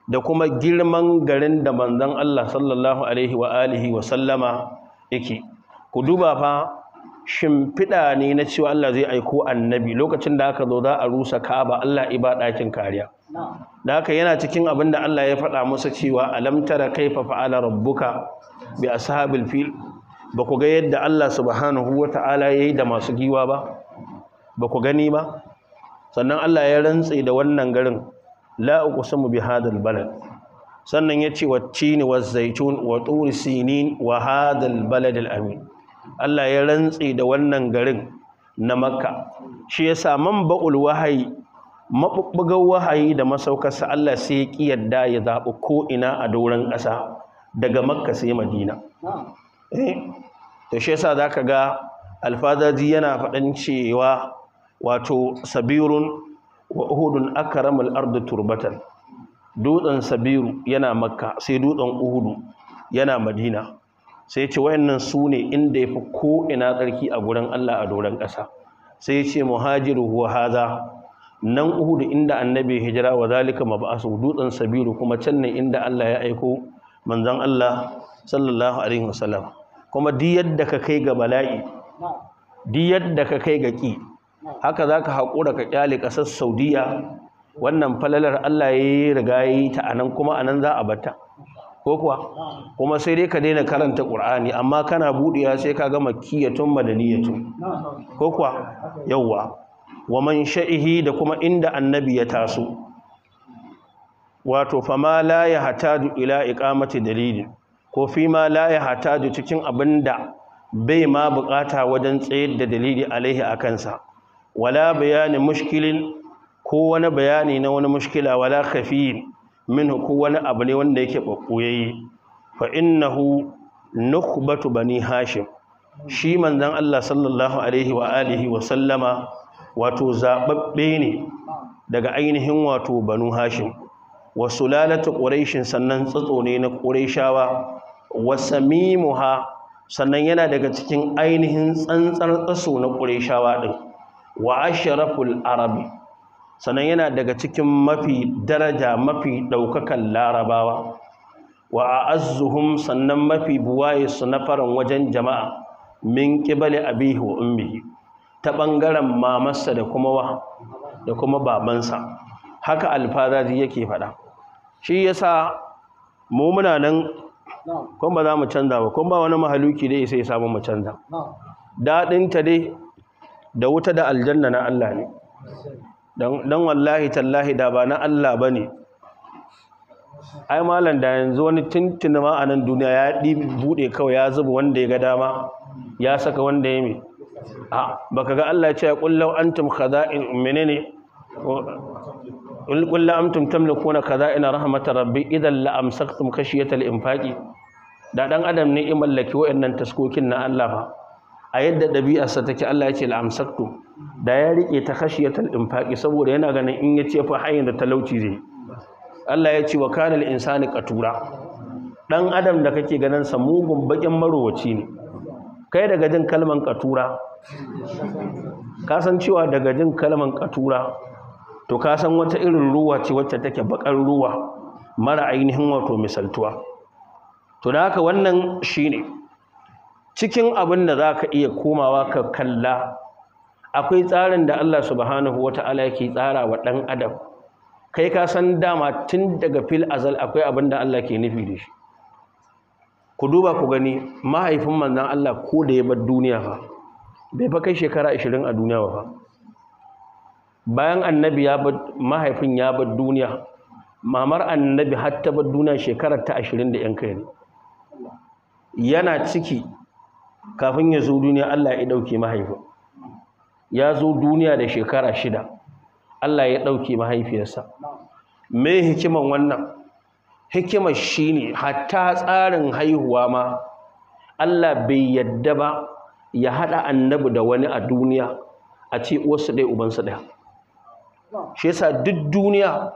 da kuma girman garin da manzan Allah sallallahu alaihi wa wa sallama yake ku duba fa shimfiɗa ne na cewa Allah zai aiko annabi lokacin da aka zo za a rusa kaba, Allah iba ɗakin kariya da haka yana cikin abin da Allah ya faɗa musu cewa alamtar kai kaifa fa'ala rabbuka bi fil ba ku ga yadda Allah subhanahu ya yayi da masu giwa ba ba ku gani ba sannan Allah ya rantse da wannan garin sun mu bi hadal balad sannan ya ce wacce ne wa zaitun wa turi sini wa hadal balad al amin Allah ya rantsi da wannan garin na makka shi ya man ba'ul wahayi mabubbugan wahayi da masaukarsa Allah sai ya ki ya zaɓi ko'ina a doron ƙasa daga makka sai madina eh, ta shi za ka ga alfadaji yana faɗin cewa wato sabirun wa uhudun akramul ardu turbatan dutsen sabiru yana makka sai dutsen uhudu yana madina sai ce wayannan su ne inda ya fi ko'ina tsarki a gurin Allah a doron ƙasa sai ce muhajiru huwa haza nan uhudu inda annabi hijira wa zalika mab'asu dutsen sabiru kuma can ne inda Allah ya aiko manzon Allah sallallahu alaihi wasallam kuma di yadda ka kai ga bala'i di yadda ka kai ga ki haka za ka haƙura ka ƙyale ƙasar saudiya wannan falalar allah ya riga ya yi ta a nan kuma a nan za a bata. ko kuwa kuma sai dai ka daina karanta ƙur'ani amma kana buɗewa sai ka gama kiyatun madaniyatun ko kuwa yawwa wa man sha'ihi da kuma inda annabi ya taso wato fama la ya da ila iqamati dalili ko fi ma la ya da cikin abinda bai ma bukata wajen tsayar da dalili alaihi akansa wala bayanin mushkilin ko wani bayani na wani mushkila wala kafi? Min ko wani abu ne wanda yake babboyayye fa innahu nukhbatu bani hashim shi manzon Allah sallallahu alaihi wa alihi wa sallama wato zababbe ne daga ainihin wato banu hashim wa sulalatu quraishin sannan tsatso ne na quraishawa wa samimuha sannan yana daga cikin ainihin tsantsar tsaso na quraishawa din wa ashraful arabi sanan yana daga cikin mafi daraja mafi ɗaukakan larabawa wa azzuhum sannan mafi buwaye su na farin wajen jama'a min qibali abihi wa ummihi ta bangaren mamarsa da kuma wa da kuma babansa haka alfazaji yake faɗa shi yasa mu muna nan kun ba za mu canza ba kun ba wani mahaluki dai sai ya samu mu canza daɗinta dai da wuta da aljanna na Allah ne don wallahi tallahi da ba na Allah ba ne ai malam da yanzu wani tuntuni ma a nan duniya ya ɗi buɗe kawai ya zuba wanda ya ga dama ya saka wanda ya mai a baka ga Allah ya ce kullau antum khaza'in menene da antum tamlikuna khaza'ina rahmatar rabbi idan la amsaktum khashiyatal infaqi da dan adam ne i mallaki wayannan taskokin na Allah ba a yadda ɗabi'arsa take Allah ya ce la'amsaktu da ya riƙe ta talɗin infaqi saboda yana ganin in ya ce fa hayin da talauci zai Allah ya ce wa kana insani qatura dan adam da kake ganin sa mugun bakin marowaci ne kai daga jin kalman qatura ka san cewa daga jin kalman qatura to kasan wata irin ruwa ce wacce take bakar ruwa mara ainihin wato misaltuwa to da haka wannan shine cikin abin da za ka iya komawa ka kalla akwai tsarin da Allah subhanahu wa ta'ala yake tsara wa ɗan adam kai ka san dama tun daga fil azal akwai abin da Allah ke nufi da shi ku duba ku gani mahaifin manzan Allah ko da ya bar duniya fa bai fa kai shekara 20 a duniya ba bayan annabi ya bar mahaifin ya bar duniya mamar annabi har ta bar duniya shekarar ta 20 da yan kai yana ciki kafin ya zo duniya Allah ya ɗauki mahaifin ya zo duniya da shekara shida Allah ya ɗauke mahaifiyarsa me hikiman wannan hikimar shine hatta tsarin haihuwa ma Allah bai yadda ba ya haɗa annabi da wani a duniya a ce uwarsa ɗaya ubansa ɗaya shi yasa duk duniya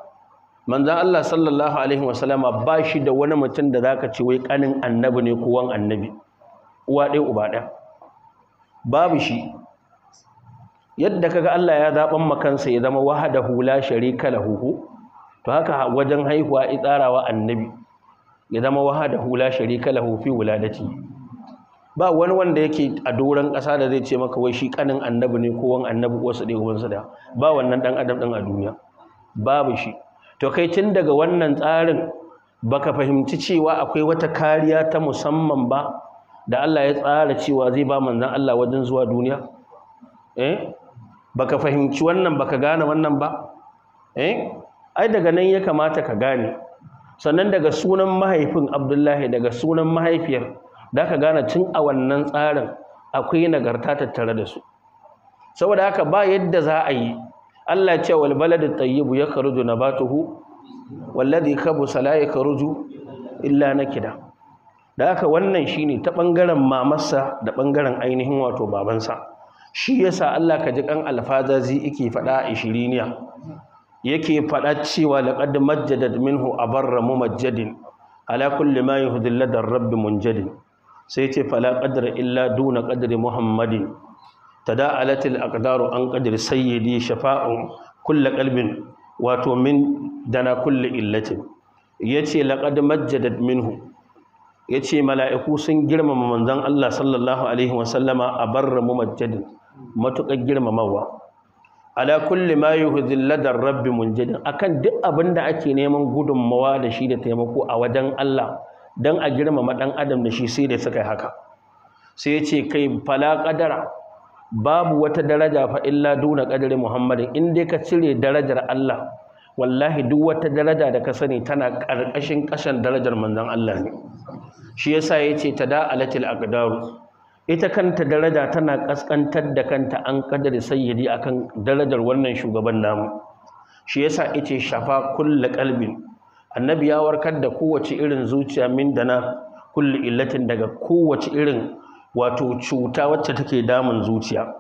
manzan Allah sallallahu alaihi wasallama ba shi da wani mutum da za ka ce wai ƙanin annabi ne ko wani annabi uwa ɗaya uba ɗaya babu shi yadda kaga Allah ya zaɓan makansa ya zama hula, la sharika huhu, to haka wajen haihuwa ya wa annabi ya zama wahadahu la sharika lahu fi wuladati ba wani wanda yake a doron ƙasa da zai ce maka wai shi kanin annabi ne ko wani annabi wasu ɗaya ubansa da ba wannan ɗan adam ɗin a duniya babu shi to kai tun daga wannan tsarin baka fahimci cewa akwai wata kariya ta musamman ba da Allah ya tsara cewa zai ba manzan Allah wajen zuwa duniya eh baka fahimci wannan baka gane wannan ba eh ai daga nan ya kamata ka gane sannan daga sunan mahaifin Abdullahi daga sunan mahaifiyar da ka gane tun a wannan tsarin akwai nagarta tattare da su saboda haka ba yadda za a yi Allah ce wal baladu tayyibu yakhruju nabatuhu walladhi khabusa la yakhruju illa nakida da haka wannan shine ta ɓangaren mamarsa da ɓangaren ainihin wato babansa shi yasa Allah ka ji kan zai yake faɗa a ishiriniya yake faɗa cewa laqad majjadat minhu abarra mumajjadin ala kulli ma yuhdillu da rabbi munjadin sai ce fala qadra illa duna qadri muhammadin tada'alatil aqdaru an qadri sayyidi shafa'u kullu ƙalbin wato min dana kulli illatin yace laqad majjadat ya ce mala'iku sun girmama manzan Allah sallallahu Alaihi wasallama a barra mumajjadin matuƙar girmamawa ala kulle ma yuhzilladar rabbi munjadin akan duk abin da ake neman gudunmawa da shi da taimako a wajen Allah don a girmama ɗan adam da shi sai da suka yi haka sai ya ce kai fala ƙadara babu wata daraja fa illa duna ƙadari muhammadin in dai ka cire darajar Allah wallahi duk wata daraja da ka sani tana ƙarƙashin ƙashin darajar manzon Allah ne shi yasa ta da'alatil aqdaru ita kanta daraja tana kaskantar da kanta an kadari sayyidi akan darajar wannan shugaban namu shi yasa yace shafa kulle kalbin. annabi ya warkar da kowace irin zuciya min dana kullu illatin daga kowace irin wato cuta wacce take damun zuciya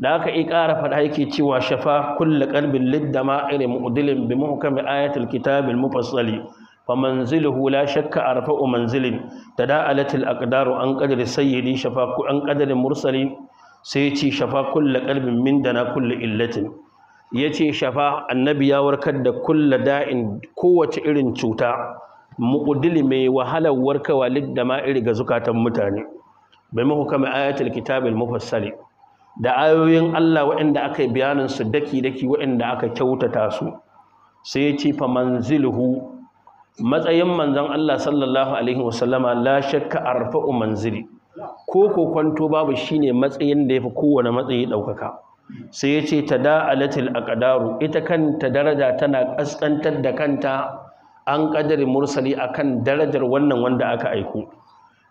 da aka i ƙara faɗa yake cewa shafa kulle ƙalbin liddama iri mu'dilin bi muhkami ayatul kitabin mufassali fa Manzili hula shakka arfa'u manzilin tada'alatil aqdaru an qadri sayyidi shafa ku an qadri mursali sai ce shafa kulle ƙalbin min na kulle illatin yace shafa annabi ya warkar da kulle da'in kowace irin cuta muqdili mai wahalar warkarwa liddama iri ga zukatan mutane bi muhkami ayatul kitabin mufassali da ayoyin Allah waɗanda aka yi bayanin su daki-daki waɗanda aka kyautata su sai ya ce fa manzilhu matsayin manzon Allah sallallahu alaihi wasallama la shakka arfa'u manzili ko ko kwanto babu shine matsayin da yafi kowane matsayi daukaka sai ya ce tada'alatil aqdaru ita kanta daraja tana kaskantar da kanta an qadari mursali akan darajar wannan wanda aka aiko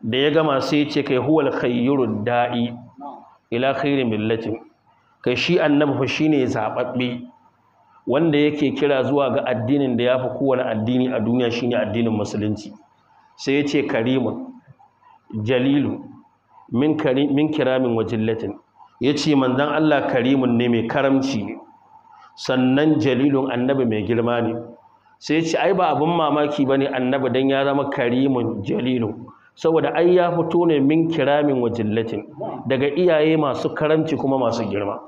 da ya gama sai ya ce kai huwal khayrul da'i ila khairi millatin kai shi annabi fa shine zababbe wanda yake kira zuwa ga addinin da yafi kowane addini a duniya shine addinin musulunci sai yace ce karimun jalilu min karim min kiramin wajillatin yace manzon Allah karimun ne mai karamci sannan jalilun annabi mai girma ne sai yace ai ba abun mamaki bane annabi dan ya zama karimun jalilun saboda ai ya fito ne min kiramin wa daga iyaye masu karamci kuma masu girma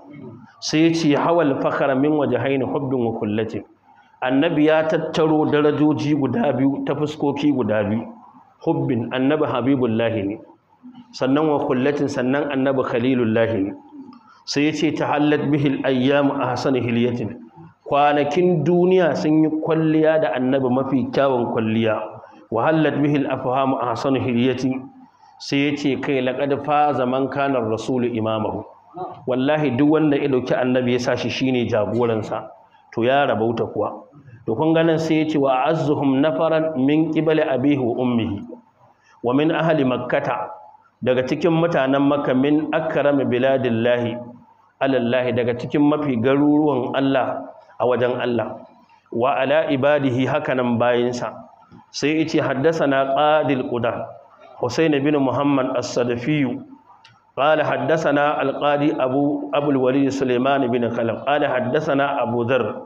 sai ya ce hawal fakhara min wajhaini hubbin wa kullatin annabi ya tattaro darajoji guda biyu ta fuskoki guda biyu hubbin annabi habibullahi ne sannan wa kullatin sannan annabi khalilullahi ne sai ya ce tahallat bihil ayyamu ahsanu hilyatin kwanakin duniya sun yi kwalliya da annabi mafi kyawun kwalliya wahallat bihil afhamu ahsanu hilyati sai yace kai laqad fa zaman kana rasulu imamahu wallahi duk wanda ya dauki annabi ya sashi shine jagoransa to ya rabauta kuwa to kun ganin sai yace wa azzuhum nafaran min qibali abihi wa ummihi wa min ahli makkata daga cikin mutanen makka min akrami biladillahi alallahi daga cikin mafi garuruwan Allah a wajen Allah wa ala ibadihi hakanan bayinsa sai ya ce haddasa ƙadil ƙuda husain bin muhammad as-sadafiyu ƙala haddasa na alƙadi abulwari suleiman bin kalam ƙala haddasa na abu zar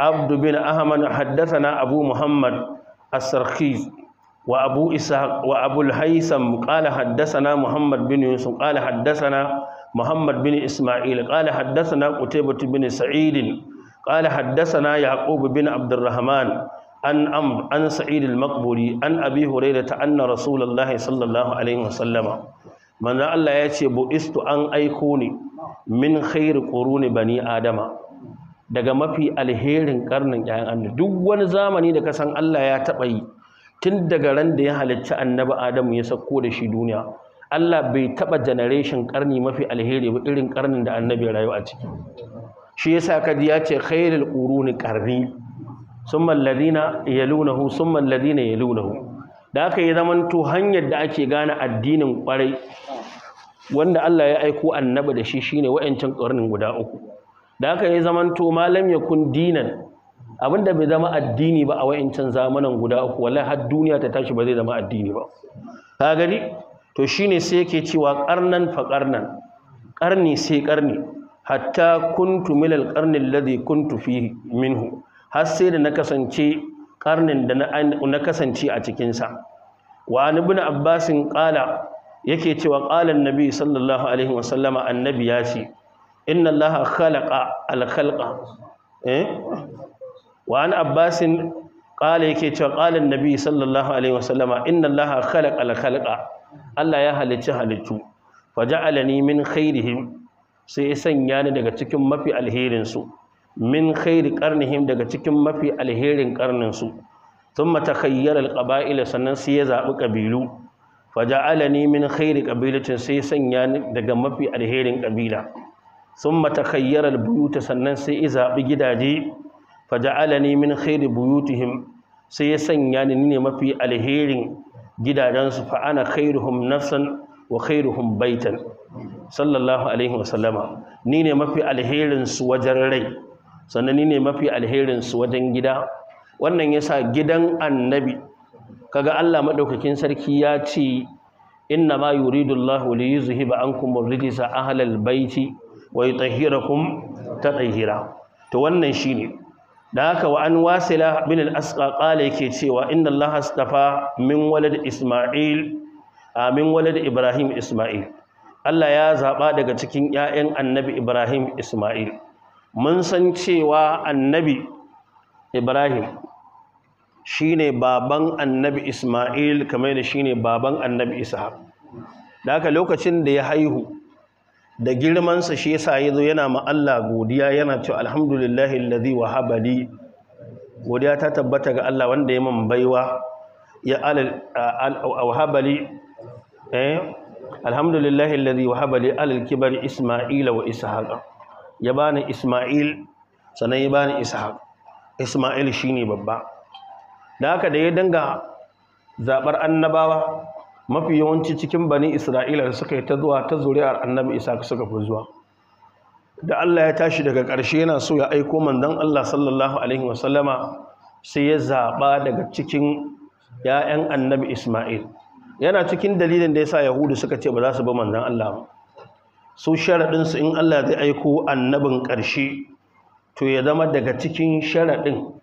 abdu bin ahamad haddasa na abu muhammad as-sarki wa abu isa wa abu haisam ƙala haddasa na muhammad bin yusuf ƙala haddasa na muhammad bin isma'il ƙala haddasa na ƙutebatu bin sa'idin ƙala haddasa na yaƙubu bin abdurrahman an am an sa'id al-maqburi an abi huraira ta anna rasulullahi sallallahu alaihi wasallama manzo Allah ya ce buistu an aiko ni min khairu quruni bani adama daga mafi alherin karnin ƴaƴan annabi duk wani zamani da kasan Allah ya taɓa yi tun daga ran da ya halicci annabi Adamu ya sauko da shi duniya Allah bai taɓa generation karni mafi alheri ba irin karnin da annabi ya rayu a ciki shi yasa kaji ya ce khairul quruni karni. summa alladhina yalunahu summa da aka yi zaman to hanyar da ake gane addinin kwarai wanda Allah ya aiko annabi da shi shine wa'ancin ƙarnin guda uku da aka yi zaman to malam kun dinan abinda bai zama addini ba a wa'ancin zamanan guda uku wallahi har duniya ta tashi ba zai zama addini ba ka gani to shine sai yake cewa ƙarnan fa qarnan qarni sai ƙarni hatta kuntu milal qarni alladhi kuntu fihi minhu har sai da na kasance karnin da na kasance a cikinsa wa an ibn abbasin qala yake cewa qala annabi sallallahu alaihi wasallama annabi ya ce inna allaha khalaqa al eh? wa an abbasin qala yake cewa qala annabi sallallahu alaihi wasallama inna allaha khalaqa al Allah ya halicci halittu faja'alani min khairihim sai ya sanya ni daga cikin mafi alherin su min khairi qarnihim daga cikin mafi alherin karninsu sun matakayyar takhayyara sannan sai ya zabi kabilu faja'alani min khairi qabilatin sai sanya ni daga mafi alherin ƙabila. Sun matakayyar albuyuta sannan sai ya zaɓi gidaje faja'alani min khairi buyutihim sai ya sanya ni ne mafi alherin gidajensu fa ana khairuhum nafsan wa khairuhum baitan sallallahu alaihi wasallama ni ne mafi alherinsu wajen rai sannan ni ne mafi alherinsu wajen gida wannan yasa gidan annabi kaga Allah madaukakin sarki ya ce inna ma yuridu Allah li yuzhiba an ar-rijsa ahlal baiti wa ta tatahira to wannan ne. da haka wa an wasila bin al yake cewa inna Allah astafa min walad Isma'il min walad Ibrahim Isma'il Allah ya zaɓa daga cikin ƴaƴan annabi Ibrahim Isma'il mun san cewa annabi ibrahim shi ne baban annabi isma'il kamar da ne baban annabi isa da haka lokacin da ya haihu da girmansa shi yasa ya zo yana ma Allah godiya yana cewa alhamdulillahi alladhi wa habali godiya ta tabbata ga Allah wanda ya man baiwa ya wahaba eh alhamdulillahi alladhi wa habali alal kibari isma'ila wa ishaqa ya bani Isma'il sannan ya bani Ishaq Isma'il shine babba da haka da ya danga zaɓar annabawa mafi yawanci cikin bani Isra'ila da suka yi ta zuwa ta zuri'ar annabi Ishaq suka fi zuwa da Allah ya tashi daga ƙarshe yana so ya aiko manzon Allah sallallahu alaihi wasallama sai ya zaɓa daga cikin ‘ya'yan annabi Ismail, yana cikin dalilin da ya sa Yahudu suka ce ba za su ba manzan Allah ba. su sharaɗinsu in Allah zai aiko annabin ƙarshe to ya zama daga cikin sharaɗin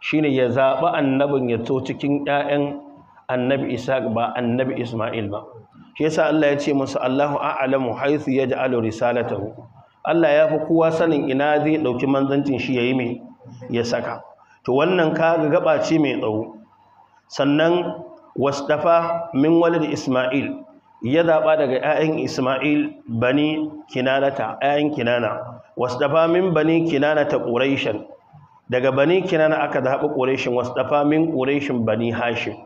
shi ne ya zaɓi annabin ya to cikin ‘ya'yan annabi isa ba annabi ismail ba shi yasa Allah ya ce musu Allahu a'lamu haythu yaj'alu risalatahu Allah ya fi kowa sanin ina zai ɗauki manzancin shi ya yi mai ya saka to wannan kaga gaba ce mai tsawo sannan wasdafa min walid ismail ya zaɓa daga 'ya'yan Ismail bani kinanata 'ya'yan kinana wasdafa min bani kinanata quraishan daga bani kinana aka zaɓi Wasu dafa min quraishin bani hashin.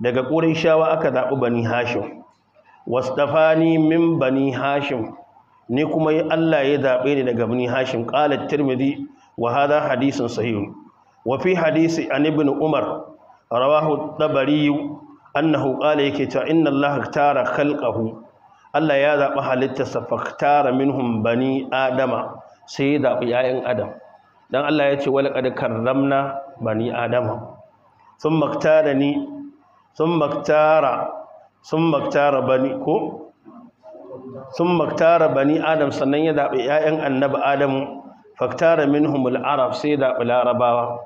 daga ƙureshawa aka zaɓi bani Wasu dafa ni min bani hashin. ni kuma Allah ya zaɓe ni daga bani hashin. qala tirmidhi wa hadha hadithun sahih wa fi hadisi an ibn umar rawahu at annahu qala yake cewa inna allaha tara khalqahu Allah ya zaɓi halittarsa faktara minhum bani adama sai ya zaɓi ‘ya'yan adam don Allah ya ce wani ƙadikar ramna bani adama sun maktara ni sun maktara sun bani ko sun maktara bani adam sannan ya zaɓi ‘ya'yan annaba adamu faktara minhum al'arab sai ya zaɓi larabawa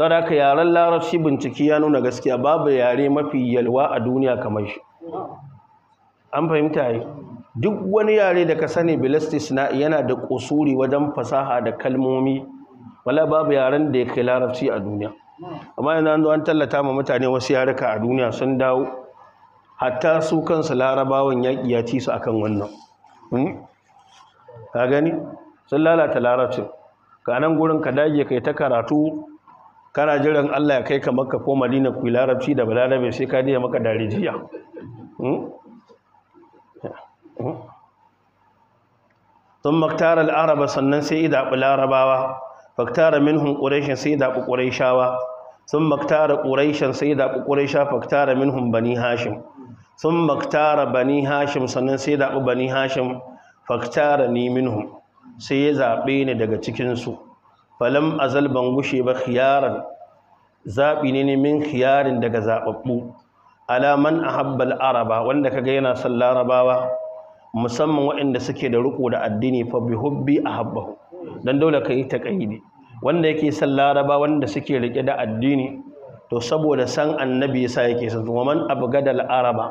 saboda ka yaren larabci bincike ya nuna gaskiya babu yare mafi yalwa a duniya kamar shi an fahimta yi duk wani yare da ka sani bilastis na yana da kusuri wajen fasaha da kalmomi wala babu yaren da ya kai larabci a duniya amma yanzu an an tallata ma mutane wasu yaruka a duniya sun dawo hatta su kansu larabawan yaƙi ya ci su akan wannan hmm? ka gani sun lalata larabci. ka nan gurin ka dage kai ta karatu kana jiran Allah ya kai ka makka ko madina ku larabci da balarabe sai ka diya maka darijiya sun hmm? hmm? maktara al'araba sannan sai idaɓi larabawa faktara minhun ƙureshin sai idaɓi ƙureshawa sun maktara ƙureshin sai idaɓi ƙuresha faktara minhun bani hashim sun maktara bani hashim sannan sai idaɓi bani hashim faktara ni minhun sai ya zaɓe ni daga cikinsu falam azal ban gushe ba khiyaran zaɓi ne ne min khiyarin daga zaɓaɓɓu alaman ahabbal araba wanda ga yana son larabawa musamman waɗanda suke da riko da addini fa bi hubbi ahabbahu dan dole yi ta kaidi wanda yake son laraba wanda suke riƙe da addini to saboda san annabi yasa yake son wa man abgadal araba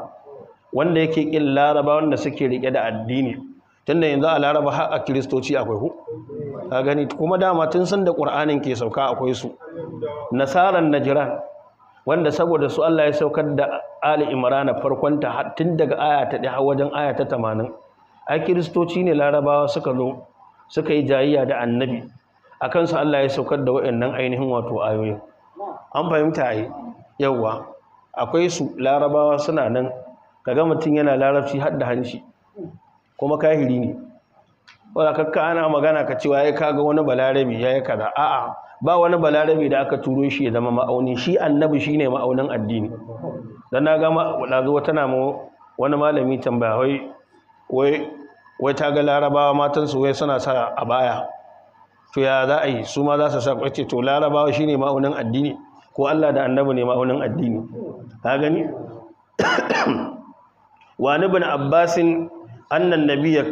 wanda yake kin laraba wanda suke rike da addini tunda yanzu a laraba har a kiristoci akwai ku ka gani kuma dama tun san da ƙur'anin ke sauka akwai su nasaran najira wanda saboda su Allah ya saukar da Ali Imran ta tun daga aya ta 1 wajen aya ta 80 ai kiristoci ne larabawa suka zo suka yi jayayya da annabi akan su Allah ya saukar da waɗannan ainihin wato ayoyin an fahimta ai yawa akwai su larabawa suna nan ka kaga mutum yana larabci har da hanci kuma kahiri ne wadda kakka ana magana ka cewa ya kaga wani balarami ya yi kaza a'a ba wani balarami da aka turo shi ya zama ma'auni shi annabi shi ne ma'aunin addini don na gama ɗazu wata namu wani malami tambaya wai wai ta ga larabawa matansu wai suna sa a baya to ya za a yi su ma za su sa kwace to larabawa shi ne ma'aunin addini ko allah da annabi ne ma'aunin addini ka gani <coughs> wani bin abbasin annan ya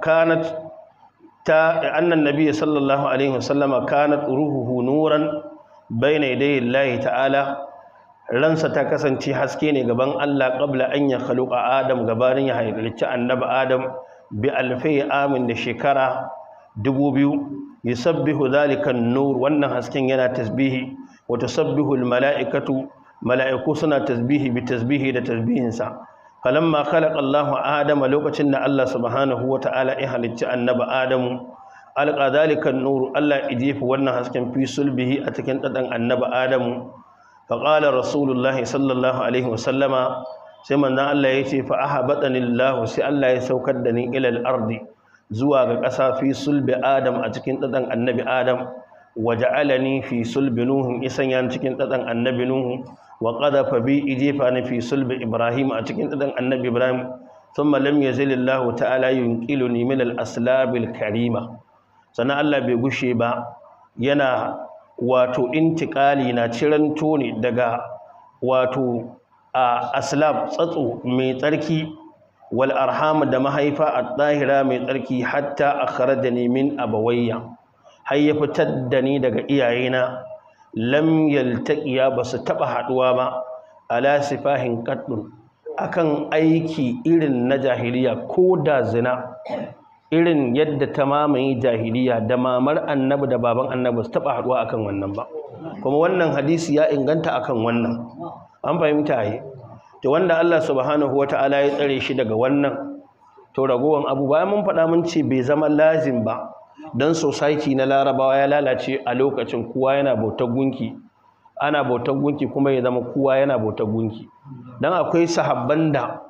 kanat ta annan nabi sallallahu alaihi wasallama kanat ruhuhu nuran bayna yadayi Allah ta'ala ransa ta kasance haske ne gaban Allah qabla an ya khaluqa Adam gabanin ya halicci annabi Adam bi alfai amin da shekara dubu biyu yusabbihu dhalika an-nur wannan hasken yana tasbihi wa tusabbihu al-mala'ikatu mala'iku suna tasbihi bi tasbihi da tasbihinsa falamma khalaqa Adama lokacin da Allah subhanahu wata'ala ya halicci annabi Adamu alqa zalika an-nur Allah ijifi wannan hasken fi sulbihi a cikin dadan annabi Adamu fa qala rasulullah sallallahu alaihi sallama sai manzon Allah ce fa ahabatani Allah sai Allah ya saukar da ni ilal ardi zuwa ga ƙasa fi sulbi Adam a cikin dadan annabi Adam waja'alani fi sulbi Nuh isan yan cikin dadan annabi Nuhu. wa qadafa bi ijefa ni fi sulb ibrahim a cikin dan annabi ibrahim thumma lam yazil ta'ala yunqiluni min al aslab al karima sannan allah bai gushe ba yana wato intikali na ciranto ne daga wato a aslab tsatso mai tsarki wal arham da mahaifa a ɗahira mai tsarki hatta akhrajani min abawayya har ya fitar da ni daga iyayena lam yaltaqiya basu taba taɓa haɗuwa ba ala sifahin kaddun akan aiki irin na jahiliya ko da zina irin yadda ta mamaye jahiliya da mamar annabi da baban annabi su taba haɗuwa akan wannan ba kuma wannan hadisi ya inganta akan wannan an fahimta yi to wanda Allah subhanahu wata'ala ya tsare shi daga wannan to ragowan abu bayan mun faɗa mun ce bai zama lazim ba dan society na larabawa ya lalace a lokacin kowa yana bautar gunki ana bautar gunki kuma ya zama kowa yana bautar gunki dan akwai sahabban da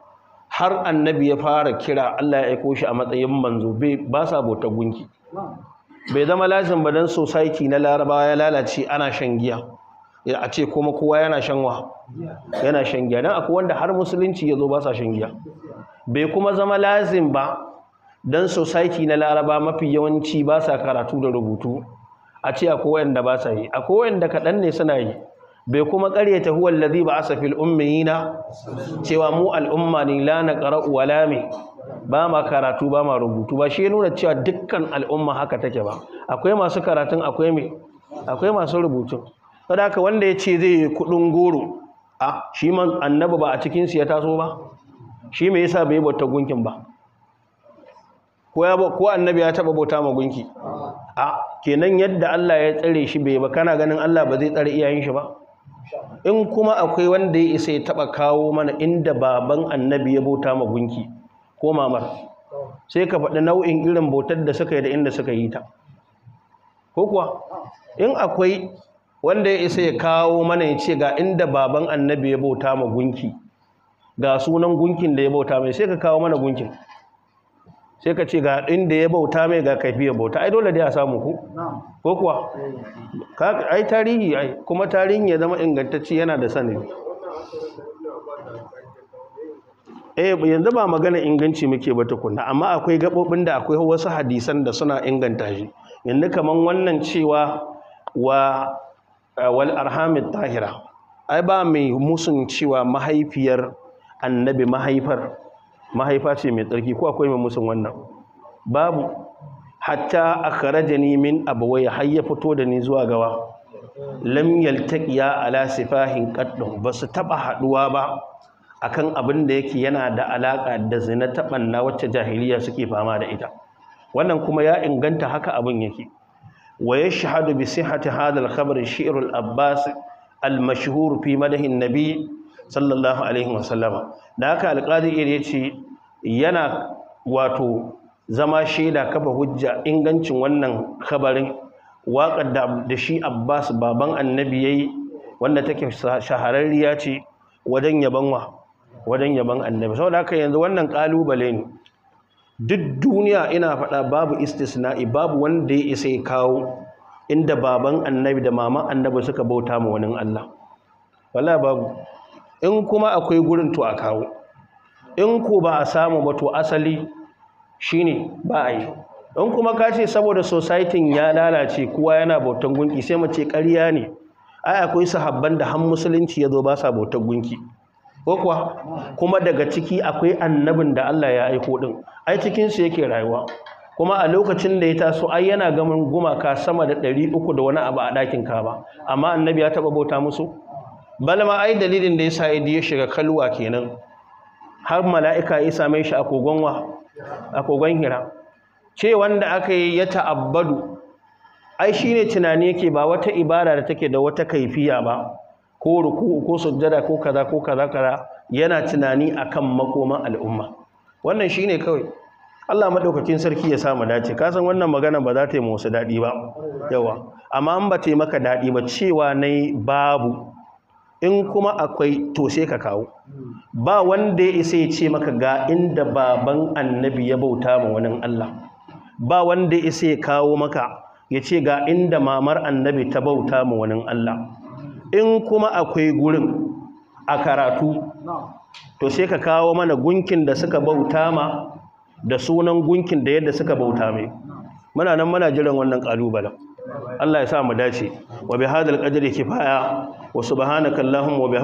har annabi ya fara kira Allah ya aiko shi a matsayin manzo bai ba sa bautar gunki bai zama lazim ba dan society na larabawa ya lalace ana shan giya a ce kuma kowa yana shan wa yana shan giya dan akwai wanda har musulunci ya zo ba sa shan giya bai kuma zama lazim ba Don society na laraba mafi yawanci ba sa karatu da rubutu a ce akwai wanda ba sa yi akwai wanda kaɗan ne suna yi bai kuma ƙaryata huwa allazi ba'asa fil ummiyina cewa mu al'umma ne la ƙara'u wa la ba ma karatu ba ma rubutu ba shi ya nuna cewa dukkan al'umma haka take ba akwai masu karatun akwai me akwai masu rubutun saboda haka wanda ya ce zai yi kuɗin goro a shi man annabi ba a cikinsu ya taso ba shi me yasa bai bauta gunkin ba ko annabi ya taɓa bauta ma gunki a kenan yadda Allah ya tsare shi bai ba kana ganin Allah ba zai tsare iyayen shi ba in kuma akwai wanda ya isa ya taɓa kawo mana inda baban annabi ya bauta ma gunki ko mamar sai ka faɗi nau'in irin bautar da suka yi da inda suka yi ta ko kuwa in akwai wanda ya isa ya kawo mana ya ce ga inda baban annabi ya bauta ma gunki ga sunan gunkin da ya bauta mai sai ka kawo mana gunkin sai ka ce ga inda ya bauta mai ga kaifiyar bauta ai dole dai a samu ku ko kuwa ai tarihi ai kuma tarihin ya zama ingantacci yana da sani. eh yanzu ba magana inganci muke ba tukunna amma akwai gabobin da akwai wasu hadisan da suna inganta shi yanzu kaman wannan cewa wa wal arhamit tahira ai ba mai musun cewa mahaifiyar annabi mahaifar mahaifa ce mai tsarki ko akwai mai musun wannan babu hatta akhrajani min abawai har ya fito da ni zuwa gawa lamyar taƙiya ala sifahin ba basu taɓa haɗuwa ba akan abin da yake yana da alaƙa da zina ta na wacce jahiliya suke fama da ita wannan kuma ya inganta haka abin yake wa shahadu bi sihati hadha al-khabar shi'r abbas al-mashhur fi madahin an-nabi sallallahu alaihi wasallama da haka alƙadir ya ce yana wato zama shaida kafa hujja ingancin wannan kabarin waƙar da shi abbas baban annabi ya yi wanda take shahararriya ce wajen yaban wa wajen yaban annabi saboda haka yanzu wannan ƙalubale ne duk duniya ina faɗa babu istisna'i babu wanda ya isa ya kawo inda baban annabi da mama annabi suka bauta ma wani Allah wala babu in kuma akwai gurin to a kawo in ko ba a samu ba to asali shine ba a yi in kuma ka ce saboda societin ya lalace kowa yana bautan gunki sai mu ce ƙarya ne ai akwai sahabban da har musulunci ya zo ba sa bautan gunki ko kuwa kuma daga ciki akwai annabin da Allah ya aiko din ai cikin su yake rayuwa kuma a lokacin da ya taso ai yana gaman gumaka sama da 300 da wani abu a ɗakin ba, amma annabi ya taba bauta musu balama ai dalilin da yasa idi ya shiga kalwa kenan har mala'ika ya same shi a kogon a kogon hira ce wanda aka yi ya ta'abbadu ai shine tunani yake ba wata ibada da take da wata kaifiya ba ko ruku'u ko sujjada ko kaza ko kaza kaza yana tunani akan makoman al'umma wannan shine kawai Allah madaukakin sarki ya samu dace ka san wannan magana ba za ta yi musu dadi ba yawa amma an ba ta yi maka dadi ba cewa nai babu in kuma akwai to sai ka kawo ba wanda ya isa ya ce maka ga inda baban annabi ya bauta ma wani Allah ba wanda ya isa ya kawo maka ya ce ga inda mamar annabi ta bauta ma wani Allah in kuma akwai gurin a karatu to sai ka kawo mana gunkin da suka bauta ma da sunan gunkin da yadda suka bauta mai muna nan muna jiran wannan ƙalubalen Allah ya sa mu dace wa bihadal qadri kifaya wa subhanakallahumma wa